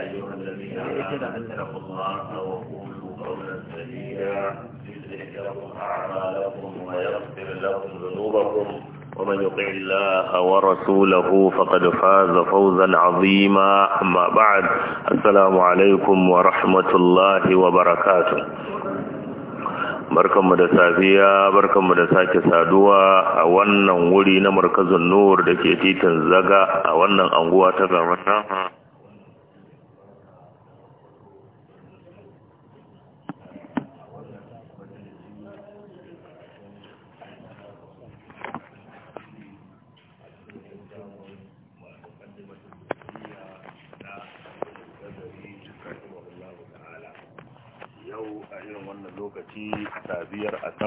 أيها الذين آمنوا الله وقولوا قولا سديدا يصلح لكم أعمالكم ويغفر لكم ذنوبكم ومن يطع الله ورسوله فقد فاز فوزا عظيما أما بعد السلام عليكم ورحمة الله وبركاته barkanmu da safiya barkanmu da sake saduwa a wannan wuri na markazin nur da ke titin zaga a wannan anguwa ta garin nama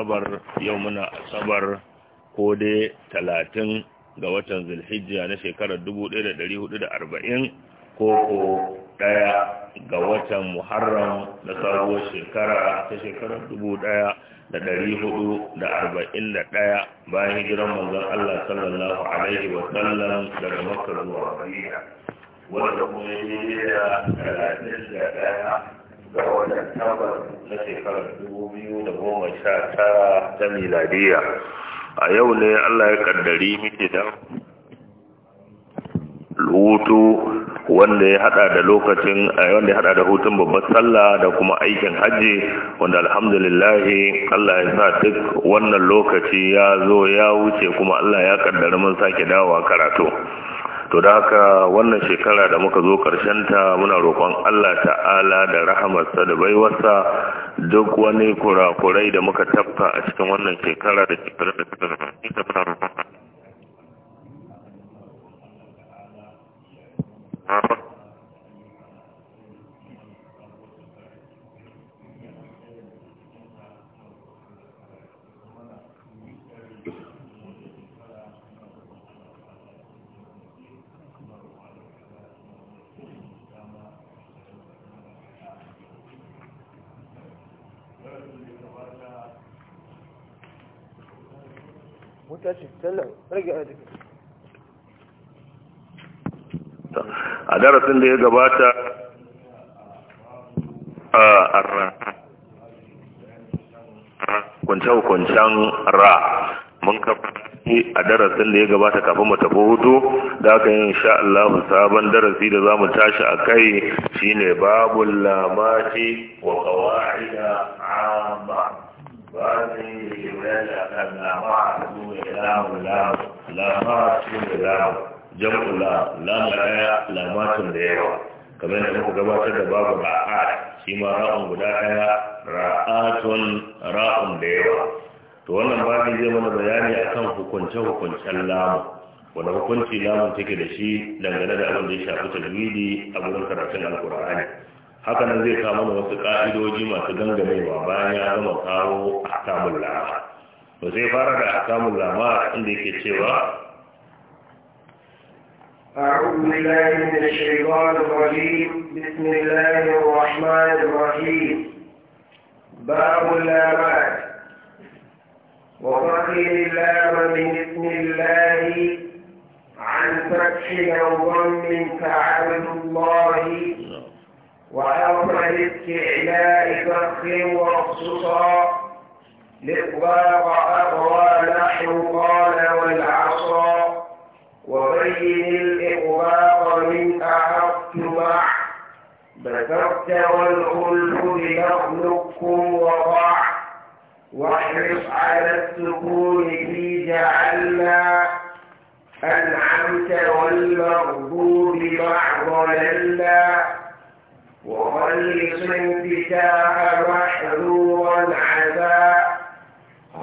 asabar yau muna asabar ko dai talatin ga watan zulhijja na shekarar 1440 ko ko daya ga watan muharram na sabuwar shekara ta shekarar 1441 bayan hijiran manzon Allah sallallahu alaihi wa sallam daga makka zuwa madina wanda kuma ya yi da 31 da watan tabar na shekarar dubu biyu da goma sha ta miladiya a yau ne allah ya kaddari miki dan hutu wanda ya hada da lokacin eh, wanda ya hada da hutun babbar sallah da kuma aikin hajji wanda alhamdulillah Allah ya sa duk wannan lokaci ya zo ya wuce kuma Allah ya kaddara mun sake dawowa karatu to da haka wannan shekara da muka zo ta muna roƙon Allah ta'ala da rahamarsa da baiwarsa duk wani kurakurai da muka tafka a cikin wannan shekara da shekara da suka zama a darasin da ya gabata a ra kwancen-kwancen ra mun kafa a darasin da ya gabata kafin mu tafi hutu da aka yi insha Allah sabon darasi da zamu tashi a kai shine babul lamati wa qawaida amma ba ne yi da kan lamu lamu lamatun da lamu jam'u la lamu daya lamatun da yawa kamar da muka gabatar da babu ra'at shi ma ra'un guda daya ra'atun ra'un da yawa to wannan babu zai mana bayani akan hukunce hukuncen lamu wanda hukunci lamun take da shi dangane da abin da ya shafi tajwidi a gurin karatun alkur'ani haka nan zai kama mana wasu ƙa'idoji masu gangamewa bayan ya gama kawo ahkamul lamun وزي فارغ أحكام da akamun lama inda أعوذ بالله من الشيطان الرجيم بسم الله الرحمن الرحيم باب اللامات وفقر اللام من اسم الله عن فتح وضم تعبد الله وأمر استعلاء فخر وخصوصا لإطلاق أقوى نحو قال والعصا وبين الإطلاق من أعرفت مع بثرت والخلف ليخلق وضع واحرص على السكون في جعلنا أنعمت والمغضوب مع ضللنا وخلص انفتاح محذورا عذاب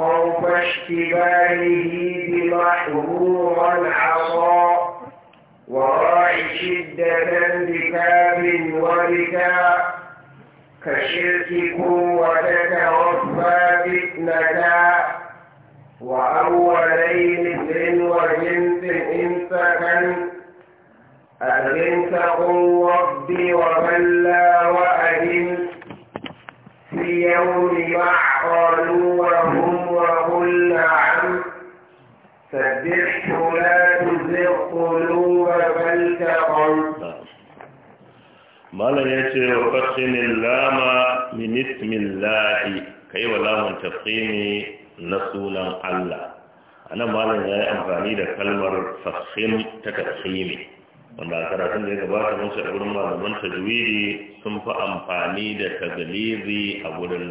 خوف اشتباهه بمحظور العصا وراعي شدة بكاب وبكاء كشرككم وتتوفى فتنة وأولي مثل وجنس إنسكا سكن قوة تقم ربي وبلى وأدن في يوم معقل وهم وقل نعم سبحت لا تزغ قلوب الكرم ما لم يأتي وقسم اللام من اسم الله كي ولا من تقيم نسولا الله أنا ما لم يأتي ذا كلمة فخم تتخيم wanda a karatun da ya gabata mun sa gurin malaman tajwidi sun fi amfani da tagalibi a gurin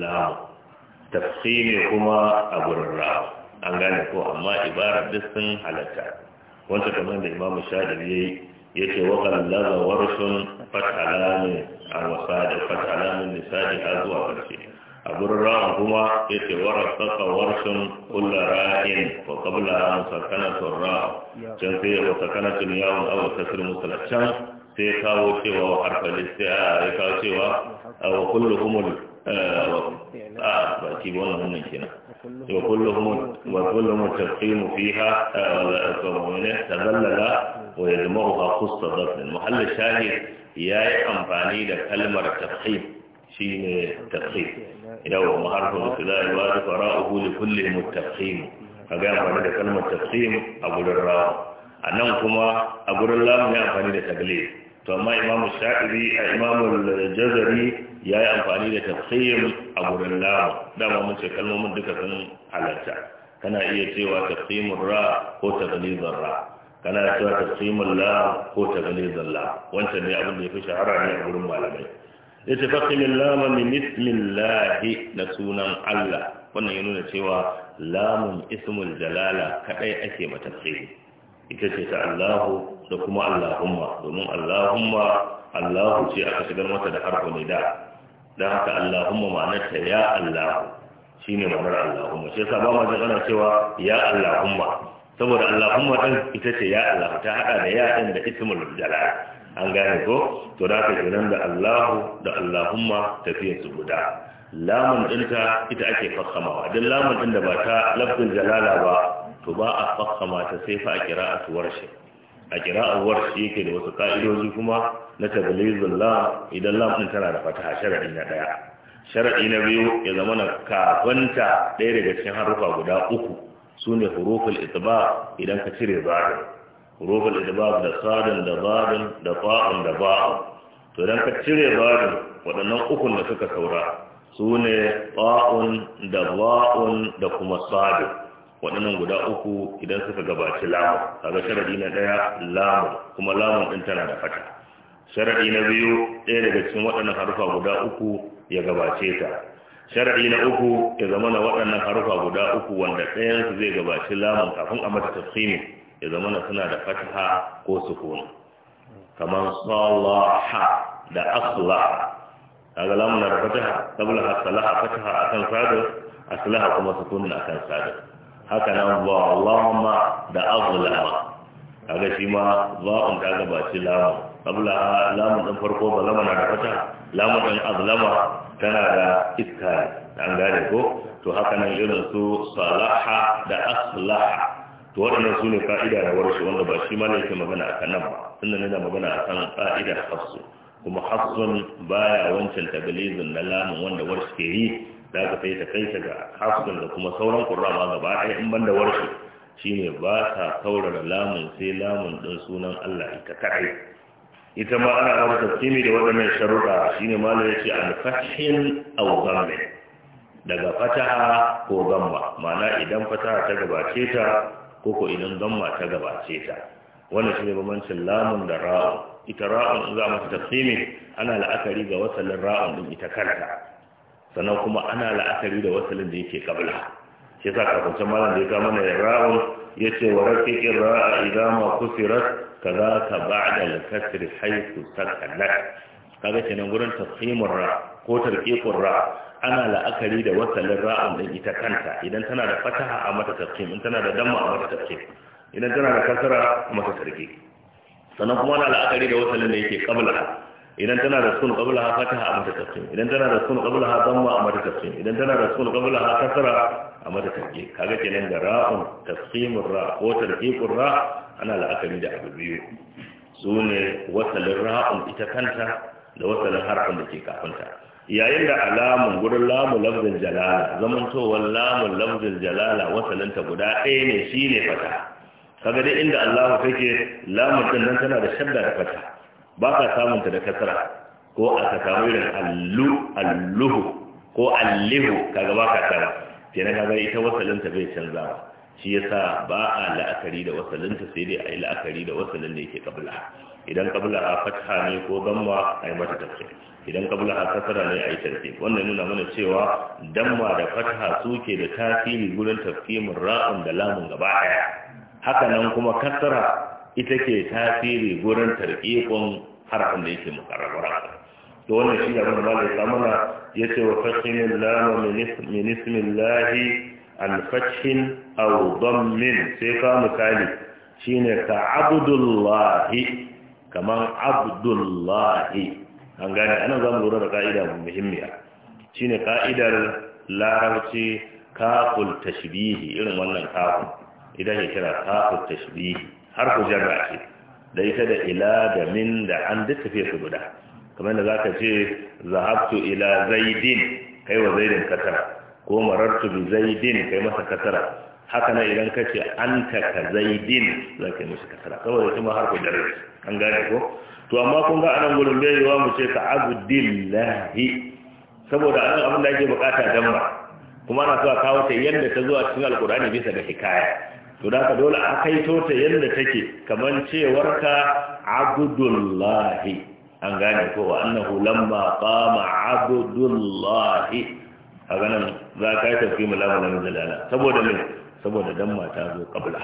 tafsiri kuma a gurin rawa an gane ko amma ibara duk sun halatta wanda kamar da imam shaɗi ya ce wa kallaza warsun fatalamin a wasadi fatalamin nisadi har zuwa ƙarshe a gurin rawa kuma ya ce warasaka warsun kulla ra'in wa kabla musakanatun ra'a can sai ya musakanatun yawon abu kasir musulaccen sai ya kawo cewa harfa a ya kawo cewa a wa kullu وكيبون هنا كنا وكلهم وكلهم التفخيم فيها تذلل ويدمغها خص ضد المحل الشاهد يا أمفاني لكلمة تفخيم شيء تفخيم هو محرف الثلاء الوارد وراءه لكلهم التفخيم فقام أمفاني لكلمة تفخيم أقول الراو أنهم كما أقول الله من أمفاني لتقليل to amma imamu sha'iri a imamu jazari ya yi amfani da tafsir a gurin lamu dama mun ce kalmomin duka sun halatta kana iya cewa tafsimur ra ko taglizar ra kana cewa tafsimul la ko taglizar la wancan ne abin da ya fi shahara ne a gurin malamai ya ce fasimin lama min ismillahi na sunan Allah wannan ya nuna cewa lamun ismul jalala kadai ake matafsiri ita ce ta Allahu da kuma Allahumma domin Allahumma Allahu ce aka shigar mata da harfin da aka haka Allahumma ma'anarta ya Allahu ne ma'anar Allahumma shi yasa ba ma jin ana cewa ya Allahumma saboda Allahumma din ita ce ya Allah ta haɗa da ya din da ismul jalal an gane ko to da haka kenan da Allahu da Allahumma tafiyar su guda lamun ɗinta ita ake fassamawa don lamun ɗin da ba ta lafin jalala ba to ba a fakkama ta sai fa a kira'atu warshi a kira'ar warshi yake da wasu ka'idoji kuma na tablizul la idan lam din tana da fataha sharadi na daya sharadi na biyu ya zama na kafanta daya daga cikin harufa guda uku sune huruful itba idan ka cire zahir huruful itba da sadin da zadin da fa'un da ba'un to idan ka cire zadin waɗannan ukun da suka saura sune fa'un da ba'un da kuma sadin waɗannan guda uku idan suka gabaci lamu kaga sharadi na ɗaya lamu kuma lamun ɗin tana da fata sharadi na biyu ɗaya daga cikin waɗannan harufa guda uku ya gabace ta sharadi na uku ya zama na waɗannan harufa guda uku wanda su zai gabaci lamun kafin a mata tafsimi ya zama na suna da fataha ko sukun kamar salaha da asla kaga lamun na da fataha qabla salaha fataha akan sadar aslaha kuma sukun akan sadar haka nan ba Allahumma da azlama kaga shi ma za'un ta gabaci lamu abla lamun dan farko ba zama na da fata lamun dan azlama tana da iska an gane ko to haka nan irin su salaha da aslaha to waɗannan sune fa'ida da warshi wanda ba shi ma ne yake magana a nan ba tunda ne da magana a kan fa'ida hafsu kuma hafsun baya wancan tagalizu na lamun wanda warshi ke yi da aka kai ta kai ta ga hafsun da kuma sauran kurrama gaba ɗaya in banda warshi shine ba ta saurara lamun sai lamun ɗin sunan Allah ita kaɗai ita ma ana ba tafsiri da waɗannan sharuɗa shine malam ya ce al-fathin aw daga fataha ko gamma ma'ana idan fataha ta gabace ta ko ko idan gamma ta gabace ta wannan shine bambancin lamun da ra'un ita ra'un za mu tafsiri ana la'akari ga wasalin ra'un din ita kanta sannan kuma ana la'akari da wasalin da yake kabla shi sa kafin can malam da ya kama na ra'un ya ce wa rakikin ra'a a ma kusirat ka za ka ba ba'da al-kasri haythu sakalat kaga kenan gurin tafhimur ra ko tarqiqur ra ana la'akari da wasalin ra'un din ita kanta idan tana da fataha a mata tafhim in tana da damma a mata tafhim idan tana da kasara a mata tarqiq sannan kuma ana la'akari da wasalin da yake kabla. idan tana da sun qabla ha fataha a mata tafsir idan tana da sun qabla ha damma a mata tafsir idan tana da sun qabla ha kasra a mata tafsir kaga kenan da ra'un tafsimur ra ko tarqiqur ra ana la'akari da abu biyu sune wasalin ra'un ita kanta da wasalin harfin da ke kafinta yayin da alamun gurin lamu lafzin jalala zamantowar Lamu lafzin jalala wasalinta guda ɗaya ne shi ne fata kaga dai inda Allah allahu take lamun din nan tana da shadda da fata ba ka samun ta da kasara ko a ka samu irin allu alluhu ko allihu kaga ba ka samu kenan kaga ita wasalinta bai canzawa shi yasa ba a la'akari da wasalinta sai dai a yi la'akari da wasalin da yake kabila. idan kabila a fatha ne ko damma a yi mata tafsir idan kabila a kasara ne a yi tarfi wannan nuna mana cewa damma da fatha su ke da tasiri gurin tafkimin ra'un da lamun gaba daya haka nan kuma kasara ita ke tasiri gurin tarƙiƙon harafin da yake mukarrara to wannan shi da da malai samuna ya ce wa fashimin lama min ismillahi an sai ka misali shine ka abdullahi kaman abdullahi an gane ana za mu lura da ka'ida muhimmiya shine ka'idar larabci kaful tashbihi irin wannan kafin idan ya kira kaful tashbihi harfu jarra ce da ita da ila da min da an duk tafiye su guda kamar da ka ce zahabtu ila zaidin kai wa zaidin katara ko marartu bi zaidin kai masa katara haka na idan ka ce an ka zaidin za ka yi musu katara saboda ita ma harfu jarra an gane ko to amma kun ga anan gurin bai yiwa mu ce ka abdillahi saboda anan abin da ake bukata damma kuma ana so a kawo ta yadda ta zuwa cikin alkurani bisa da hikaya to da ka dole a kaito ta yadda take kamar cewar abdullahi an gane ko wa annahu lamma qama abdullahi a ganin za ka yi tafi mu lamun jalala saboda me saboda dan mata zo kabla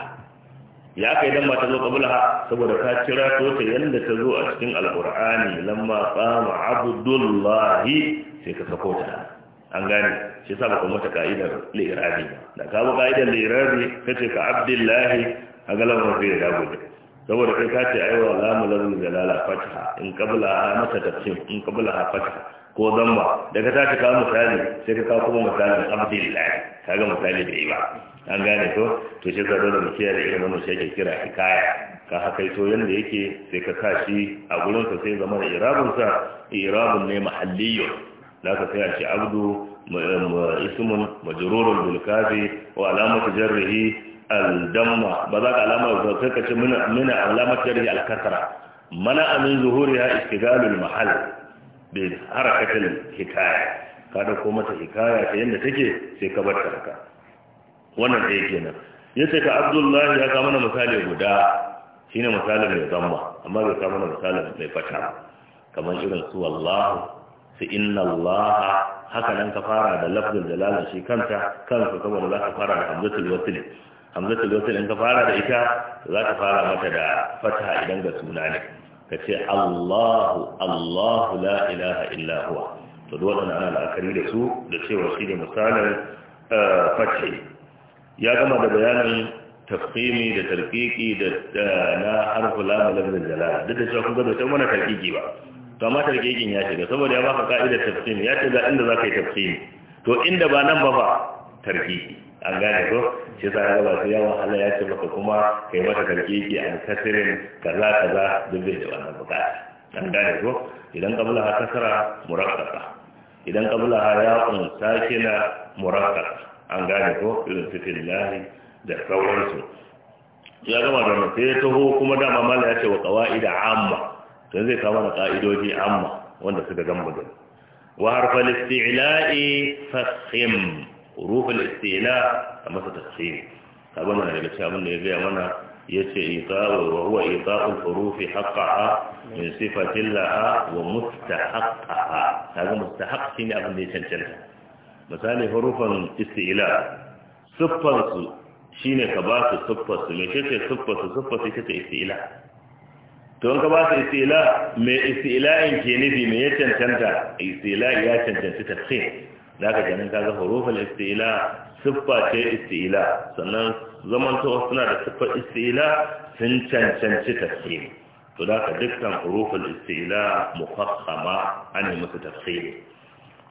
ya kai dan mata zo kabla saboda ka kira to ta yanda ta zo a cikin alqur'ani lamma qama abdullahi sai ka sako ta an gane shi sa ba ku mata ka'idar lirabi da ka bu ka'idar lirabi ce ka abdullahi a galan rufe da gobe saboda kai ka ce aiwa lamu lamu galala fataha in qabla ha mata tafsir in qabla ha fataha ko damma daga ta ka misali sai ka kawo kuma misalin abdullahi ga misali da yi ba an gane to to shi sa dole mu da irin wannan shi yake kira hikaya ka hakaito yadda yake sai ka kashi a gurinsa sai zama da sa irabun ne mahalliyun da ka sai a ce abdu eh, ismun majrurun bulkafi kafi wa alamatu jarrihi al damma ba za ka alama ka ce muna alamatu jarrihi al kasra mana min zuhuriha istigalul mahal bi harakatil hikaya ka dauko mata hikaya ta yanda take sai ka bar ta wannan ɗaya kenan ya ce ka abdullahi ya kama na misali guda shi ne misalin mai zamba amma bai kama na misalin mai fata kamar irin su wallahu sai inna Allah haka nan ka fara da lafzul jalala shi kanta kanka saboda za ka fara da hamzatul wasl hamzatul wasl in ka fara da ita za ka fara mata da fataha idan ga suna ne ka ce Allahu Allahu la ilaha illa huwa to duk wannan ana la'akari da su da cewa shi ne misalin eh, fatih ya gama da bayanin tafsimi da tarqiqi da eh, na harfu lam lafzul jalala duk da cewa kun ga da mana tarqiqi ba to amma tarkikin ya shiga saboda ya baka ka'idar tafsiri ya ce ga inda za ka yi tafsiri to inda ba nan ba ba tarkiki an gane ko shi sa ya ba su yawa Allah ya ce maka kuma kai mata tarkiki an kasirin kaza kaza duk bai da wannan bukata an gane ko idan qabla ha kasara murakkaka idan qabla ha ya kun sakina murakkaka an gane ko irin fitillahi da sauransu ya gama da mutai taho kuma dama mala ya ce wa kawa'ida amma dan zai kawo mana ka'idoji amma wanda suka gamba gani wa harfal isti'la'i fakhim huruf al-isti'la amma ta tafsiri kaga mana daga cikin abin da ya gaya mana yace iqa'u wa huwa iqa'u al-huruf haqqaha min sifatin laha wa mustahaqqaha kaga mustahaq shine abin da ya cancanta misali hurufan isti'la siffar su shine ka ba su siffar su me ce siffar su siffar su ita isti'la to ka ba su istila mai in ke nufi mai ya cancanta istila'i ya cancanci ce da ka ganin kaga hurufal istila siffa ce istila sannan zaman tuwa suna da siffar istila sun cancanci ce to da ka dukkan hurufal istila muhakkama an yi musu ce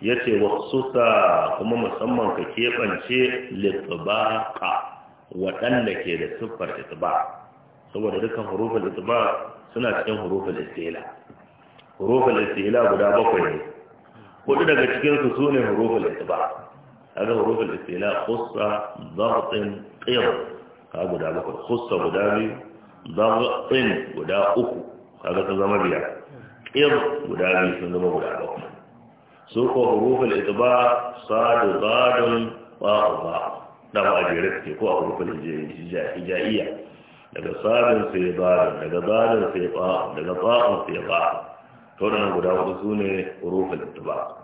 ya ce waksusa kuma musamman ka keɓance litsubaƙa waɗanda ke da siffar itsubaƙa saboda dukkan huruful itba suna cikin huruful istihla huruful istihla guda bakwai ne hudu daga cikin su sune huruful itba هذا حروف الاستيلاء خصة ضغط قر هذا قد عبقى خصة قد عبي ضغط قد أكو هذا تنظم بيع قر قد عبي تنظم قد عبقى سوق حروف الإطباع صاد ضاد وضاء دم أجرتك هو حروف الهجائية daga sadin sai bada, daga barin sai ba, daga ba'un sai ba. to da guda hudu su ne hurufin ittiba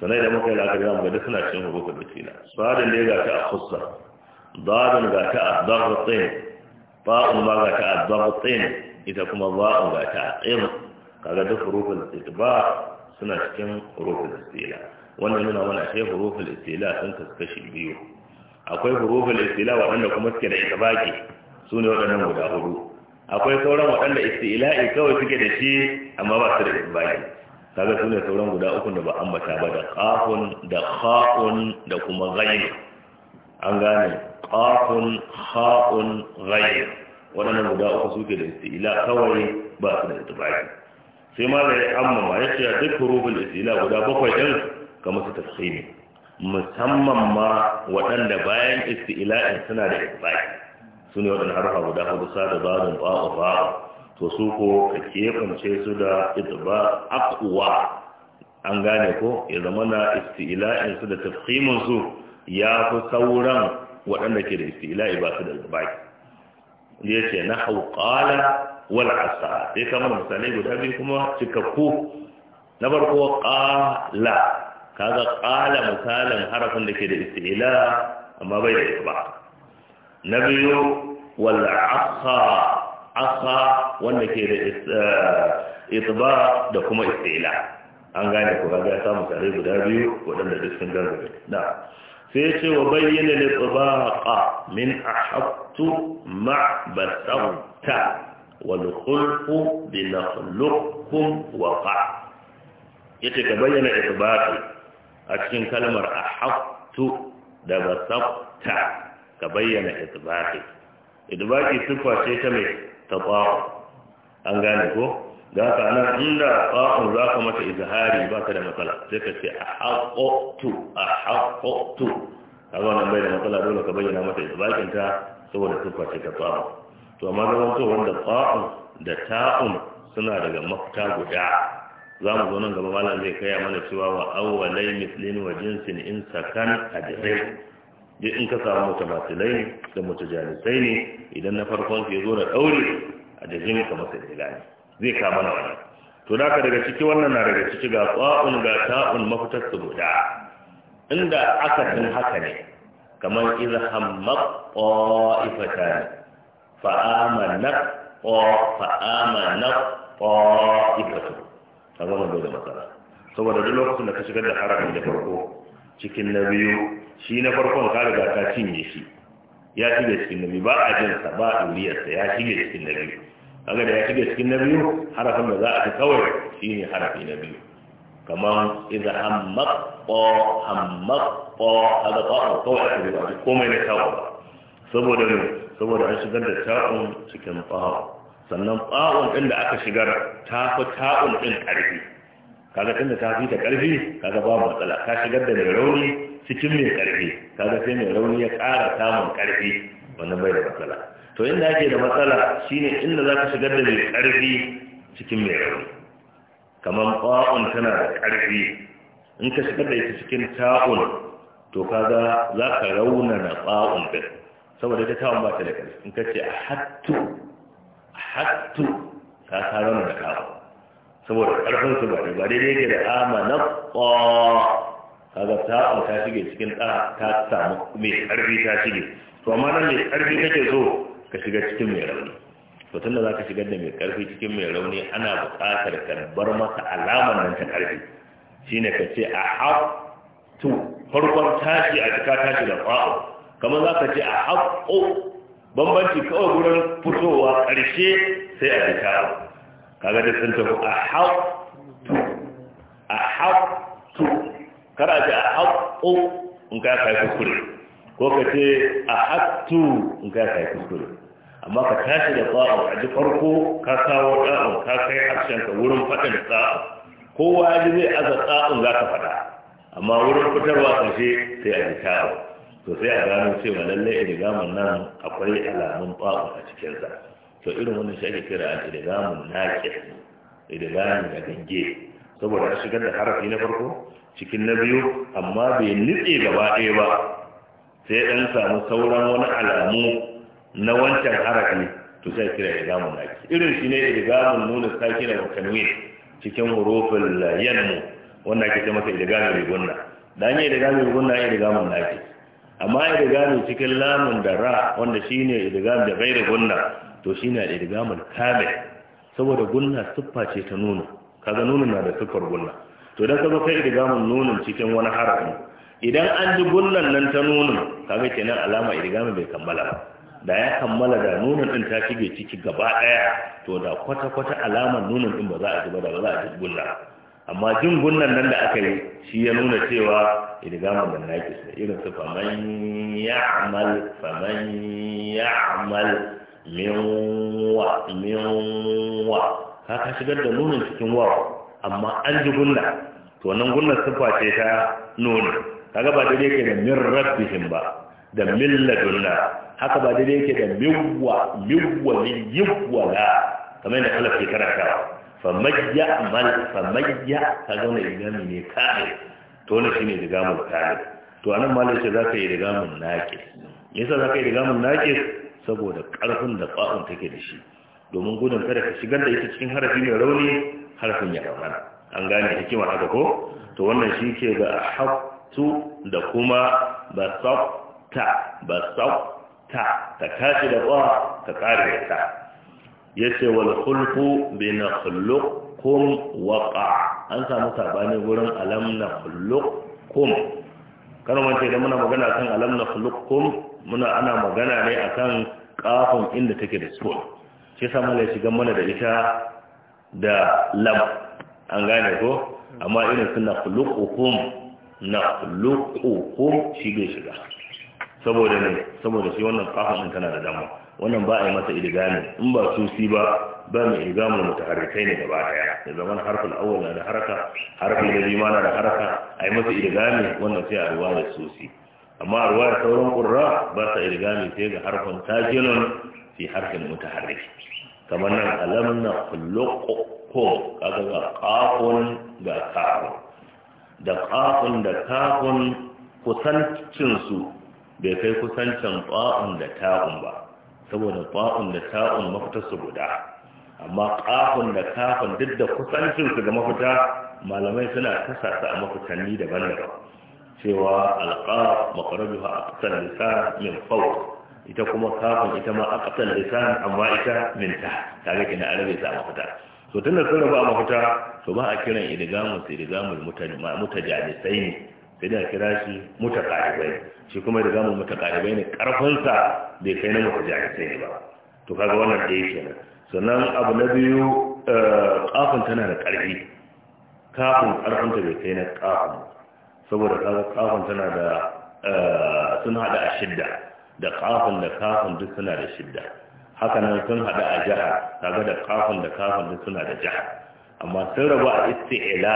sanai da muka yi la'akari zamu ga duk suna cikin hurufin ittiba sadin ne ga ta khussa dadin ga ta darbatin ba'un ma ga ta darbatin ita kuma ba'un ga ta tsim kaga duk hurufin ittiba suna cikin hurufin istila wannan nuna mana shi hurufin istila sun kasu kashi biyu akwai hurufin istila waɗanda kuma suke da ita itibaki su ne waɗannan guda hudu akwai sauran waɗanda isti'ila'i kawai suke da shi amma ba su da isbaki kaga su ne sauran guda uku da ba ambata ba da qafun da kha'un da kuma ghayr an gane qafun kha'un ghayr waɗannan guda uku suke da isti'ila kawai ba su da isbaki sai ma da amma ma yace duk rubin isti'ila guda bakwai din kamar su tafsiri musamman ma waɗanda bayan isti'ila'in suna da isbaki su ne waɗanda sa guda hudu sada ba a ba to su ko ka kefance su da ita ba a kuwa an gane ko ya zama na istiila'in su da tafkimin su ya fi sauran waɗanda ke da istila'i ba su da baki ya ce na hauƙala wal asa sai kama da misali guda biyu kuma cikakku na farko ƙala kaga ƙala misalin harafin da ke da istiila amma bai da ba na biyu wal akha akha wanda ke da itba eh, da kuma istila an gane ku ga samu tare guda biyu waɗanda duk sun gano da sai ce wa bayyana li tabaqa min ahattu ma basawta wal khulqu bi nakhluqukum waqa yace ka bayyana itbaqi a cikin kalmar ahattu da basawta ka bayyana itibaki itibaki tufa ce ta mai ta an gane ko da haka nan inda ƙa'un za ka mata izahari ba ka da matsala sai ka ce a haƙoƙtu a haƙoƙtu a wannan bai da matsala dole ka bayyana mata izabakin ta saboda tufa ce ta ƙa'un to amma zama to wanda ƙa'un da ta'un suna daga mafita guda za mu zo nan gaba malam zai kaya mana cewa wa awwalai mislin wa jinsin in sakan adrin duk in ka samu mutamatilai da mutajalisai ne idan na farkon ke zo na ɗaure a jirgin jini ka masa ilani zai kama na wani to da ka daga ciki wannan na daga ciki ga tsa'un ga ta'un mafitar su guda inda aka tun haka ne kamar iza hammak ƙwa'ifata ne fa'amanar ƙwa'amanar ƙwa'ifata Ta zama dole matsala saboda duk lokacin da ka shigar da harafin da farko cikin na biyu shi na farkon ka riga ka cinye shi ya shige cikin na biyu ba a jin sa ba a sa ya shige cikin na biyu kaga da ya shige cikin na biyu harafin da za a ci kawai shine harafi na biyu kamar idza hammat qa hammat qa hada qa kawai ta cikin komai na tawo ba saboda ne saboda an shigar da ta'un cikin ta'un sannan ta'un din da aka shigar ta fi ta'un din karfi kaga tunda ta fi ta karfi kaga babu matsala ka shigar da mai rauni cikin mai karfi kaga sai mai rauni ya ƙara samun karfi wannan bai da matsala to inda ake da matsala shine inda zaka shigar da mai karfi cikin mai rauni kamar ba'un tana da karfi in ka shigar da ita cikin ta'un to kaga rauna raunana ba'un din saboda ita ta'un ba ta da karfi in ka ce a hattu a hattu ka rauna da ta'un saboda karfin su ba ne ba daidai yake da amana qa kaga ta ta shige cikin da ta samu mai karfi ta shige to amma nan mai karfi kake zo ka shiga cikin mai rauni to tunda zaka shigar da mai karfi cikin mai rauni ana buƙatar karbar masa alamar nan ta karfi shine ka ce a haftu farkon tashi a cika tashi da fa'o kamar zaka ce a haƙo bambanci kawai wurin fitowa ƙarshe sai a jikawa kaga da sun tafi a hau a hau tu kada ce a hau in ka kai kuskure ko ka ce a tu in ka kai kuskure amma ka tashi da tsa'o a ji farko ka kawo tsa'o ka kai harshen ka wurin faɗin tsa'o kowa ji zai aza tsa'o za ka faɗa amma wurin fitarwa ƙarshe sai a ji tsa'o to sai a gano cewa lallai gaman nan akwai alamun tsa'o a cikinsa to irin wani shi ake kira al-idgamun naqis idgamin da gange saboda ya shigar da harafi na farko cikin na biyu amma bai nitse gaba ɗaya ba sai ɗan samu sauran wani alamu na wancan harafi to sai kira idgamun naqis irin shi ne idgamun nuna sakina wa tanwin cikin hurufin yanmu wannan ake ce masa idgamin rigunna dan ne idgamin rigunna ne idgamun naqis amma idgamin cikin lamun da ra wanda shine idgam da bai gunna to shine al-idgamul kamil saboda gunna siffa ce ta nuna kaga nono na da siffar gunna to dan kaga kai idgamun nunin cikin wani harafi idan an ji gunnan nan ta nonon kaga kenan alama idgamin bai kammala ba da ya kammala da nonon din ta shige ciki gaba ɗaya, to da kwata kwata alamar nonon din ba za a ji ba da ba za a ji gunna amma jin gunnan nan da aka yi shi ya nuna cewa idgamun nan naqis sai irin su faman ya'mal faman ya'mal min wa min ka shigar da nunin cikin wawa amma an ji gunna to wannan gunnar sifa ce ta nuni kaga ba daidai yake da min rabbihim ba da min ladunna haka ba daidai yake da miwwa miwwa min yiwwa la kamar yadda kala ke karanta fa majja mal fa majja kaga wannan igami ne kai to ne shine digamul kai to anan malai ce zaka yi nake? Me yasa zaka yi mun nake? saboda ƙarfin da ƙwa'un take da shi domin gudun kada ka shigar da ita cikin harafi mai rauni harafin ya raunana an gane hikimar haka ko to wannan shi ke ga haftu da kuma basafta basafta ta tashi da ƙwa ta ƙari da ta ya ce wal bi waƙa an samu sabani wurin alam na nakhluqkum kana wance da muna magana kan alam na nakhluqkum muna ana magana ne a kan kafin inda take da sukun shi yasa ya shiga mana da ita da lam an gane ko amma irin su na na shi bai shiga saboda ne saboda shi wannan kafin ɗin tana da dama wannan ba a yi masa idgami in ba su si ba ba mai idgamu harkai ne gaba daya da zama harfin awwal na da haraka harfin da na da haraka a yi masa idgami wannan sai a ruwa da si amma ruwa da sauran ƙurra ba sa irgami sai ga harfin tajilun fi harfin harfi kamar nan alam na ko kaga ga kafin ga kafin da kafin da kafun kusancinsu bai kai kusancin qa'un da ta'un ba saboda qa'un da ta'un mafita su guda amma ƙafin da kafin duk da kusancinsu ga mafita malamai suna kasa a mafitanni daban-daban cewa makarajuwa a ƙasar lisa min fau ita kuma kafin ita ma a ƙasar lisa amma ita min ta ga kina arabe sa mafita so da sun rabu a mafita to ba a kiran idgamu sai idgamu mutajalisai ne sai da kira shi mutaqaribai shi kuma idgamu mutaqaribai ne ƙarfinsa bai kai na mutajalisai ba to kaga wannan da yake nan sannan abu na biyu kafin eh, tana da ƙarfi kafin ƙarfinta bai kai na kafin saboda kafin tana da eh, sun hada a shidda da kafin da kafin duk suna da shidda hakanan sun hada a jaha kaga da kafin da kafin duk suna da jaha amma sun rabu a isti'ila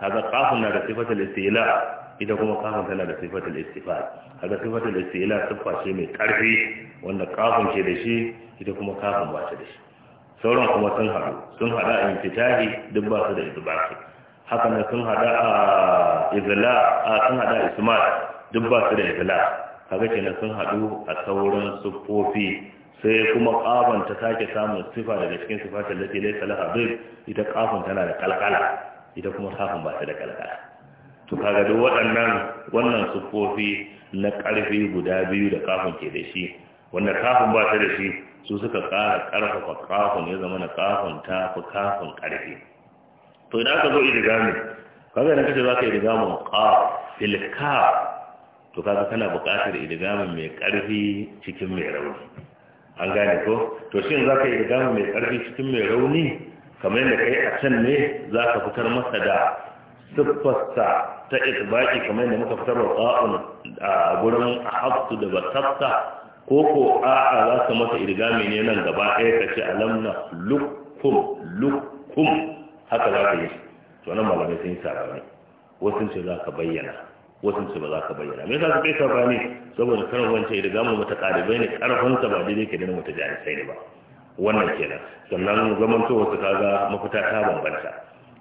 kaga kafin na da sifatul isti'ila ita kuma kafin tana da sifatul istifal kaga sifatul isti'ila siffa ce mai karfi wanda kafin ke da shi ita kuma kafin ba ta da shi sauran kuma sun hadu sun hada a infitahi duk ba su da izbaki haka ne sun hada a izla a sun hada ismal duk ba su da izla kaga kenan sun hadu a sauran sufofi sai kuma kafan ta sake samun sifa daga cikin sifatin da ke laisa laha bai ita kafan tana da kalkala ita kuma kafan ba ta da kalkala to kaga duk waɗannan wannan sufofi na ƙarfi guda biyu da kafan ke da shi wanda kafin ba ta da shi su suka ƙara ƙarfafa kafin ya zama na kafin ta fi kafin ƙarfi to idan aka zo idgami kaga idan kace ka idgamin qaf fil kaf to kaga kana buƙatar idgamin mai ƙarfi cikin mai rauni an gane ko to shin zaka idgamin mai ƙarfi cikin mai rauni kamar yadda kai a can ne ka fitar masa da siffarsa ta itibaki kamar yadda muka fitar wa ƙa'un a gurin haftu da basafta ko ko a'a za ka masa idgami ne nan gaba ɗaya ka ce alam na lukum lukum haka za ka yi to nan malamai sun yi sabani wasu ce za ka bayyana wasu ce ba za ka bayyana me yasa su kai sabani saboda karin wancan idan zamu mata kalibai ne karfansa ba daidai ke da mata jahilai ne ba wannan kenan sannan zaman zamantowar su kaga mafita ta bambanta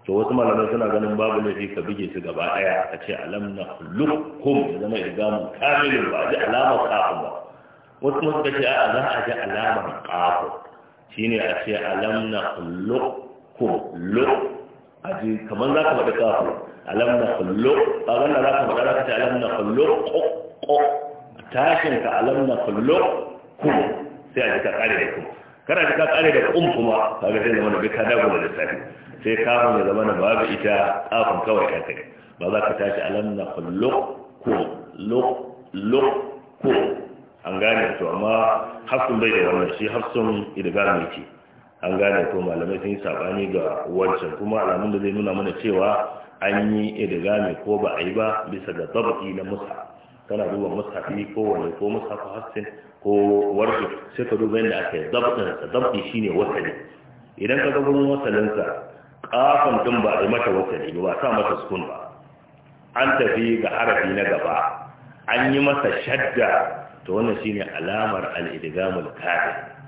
to wasu malamai suna ganin babu laifi ka bige su gaba daya a ce alam na lukum ya zama idgamu kamilin ba ji alamar kafin ba wasu kuma suka ce a za a ji alamar kafin shine a ce alam na lukum ko lo a ji kamar za ka faɗi kafu alam na kullo a wannan za ka faɗa za ka ce alam na kullo ko ko tashin ka alam na kullo ku sai a ji ka ƙare da ku kana ji ka ƙare da kum kuma kaga sai zama da bai ka dago da lissafi sai kafin ya zama da babu ita kafin kawai ka kai ba za ka tashi alam na kullo ku lo lo ku an gane to amma hafsun bai da wannan shi hafsun idgamu yake an gane ko malamai sun yi sabani ga wancan kuma alamun da zai nuna mana cewa an yi idigami ko ba a yi ba bisa ga tabaki na musa kana duba mushafi ko wani ko mushafi hassin ko warfi sai ka duba yadda aka yi zabtin sa zabti shine wasali idan ka ga gurin wasalin sa kafan din ba a mata wasali ba sa mata sukun ba an tafi ga harafi na gaba an yi masa shadda to wannan shine alamar al-idgamul kadhi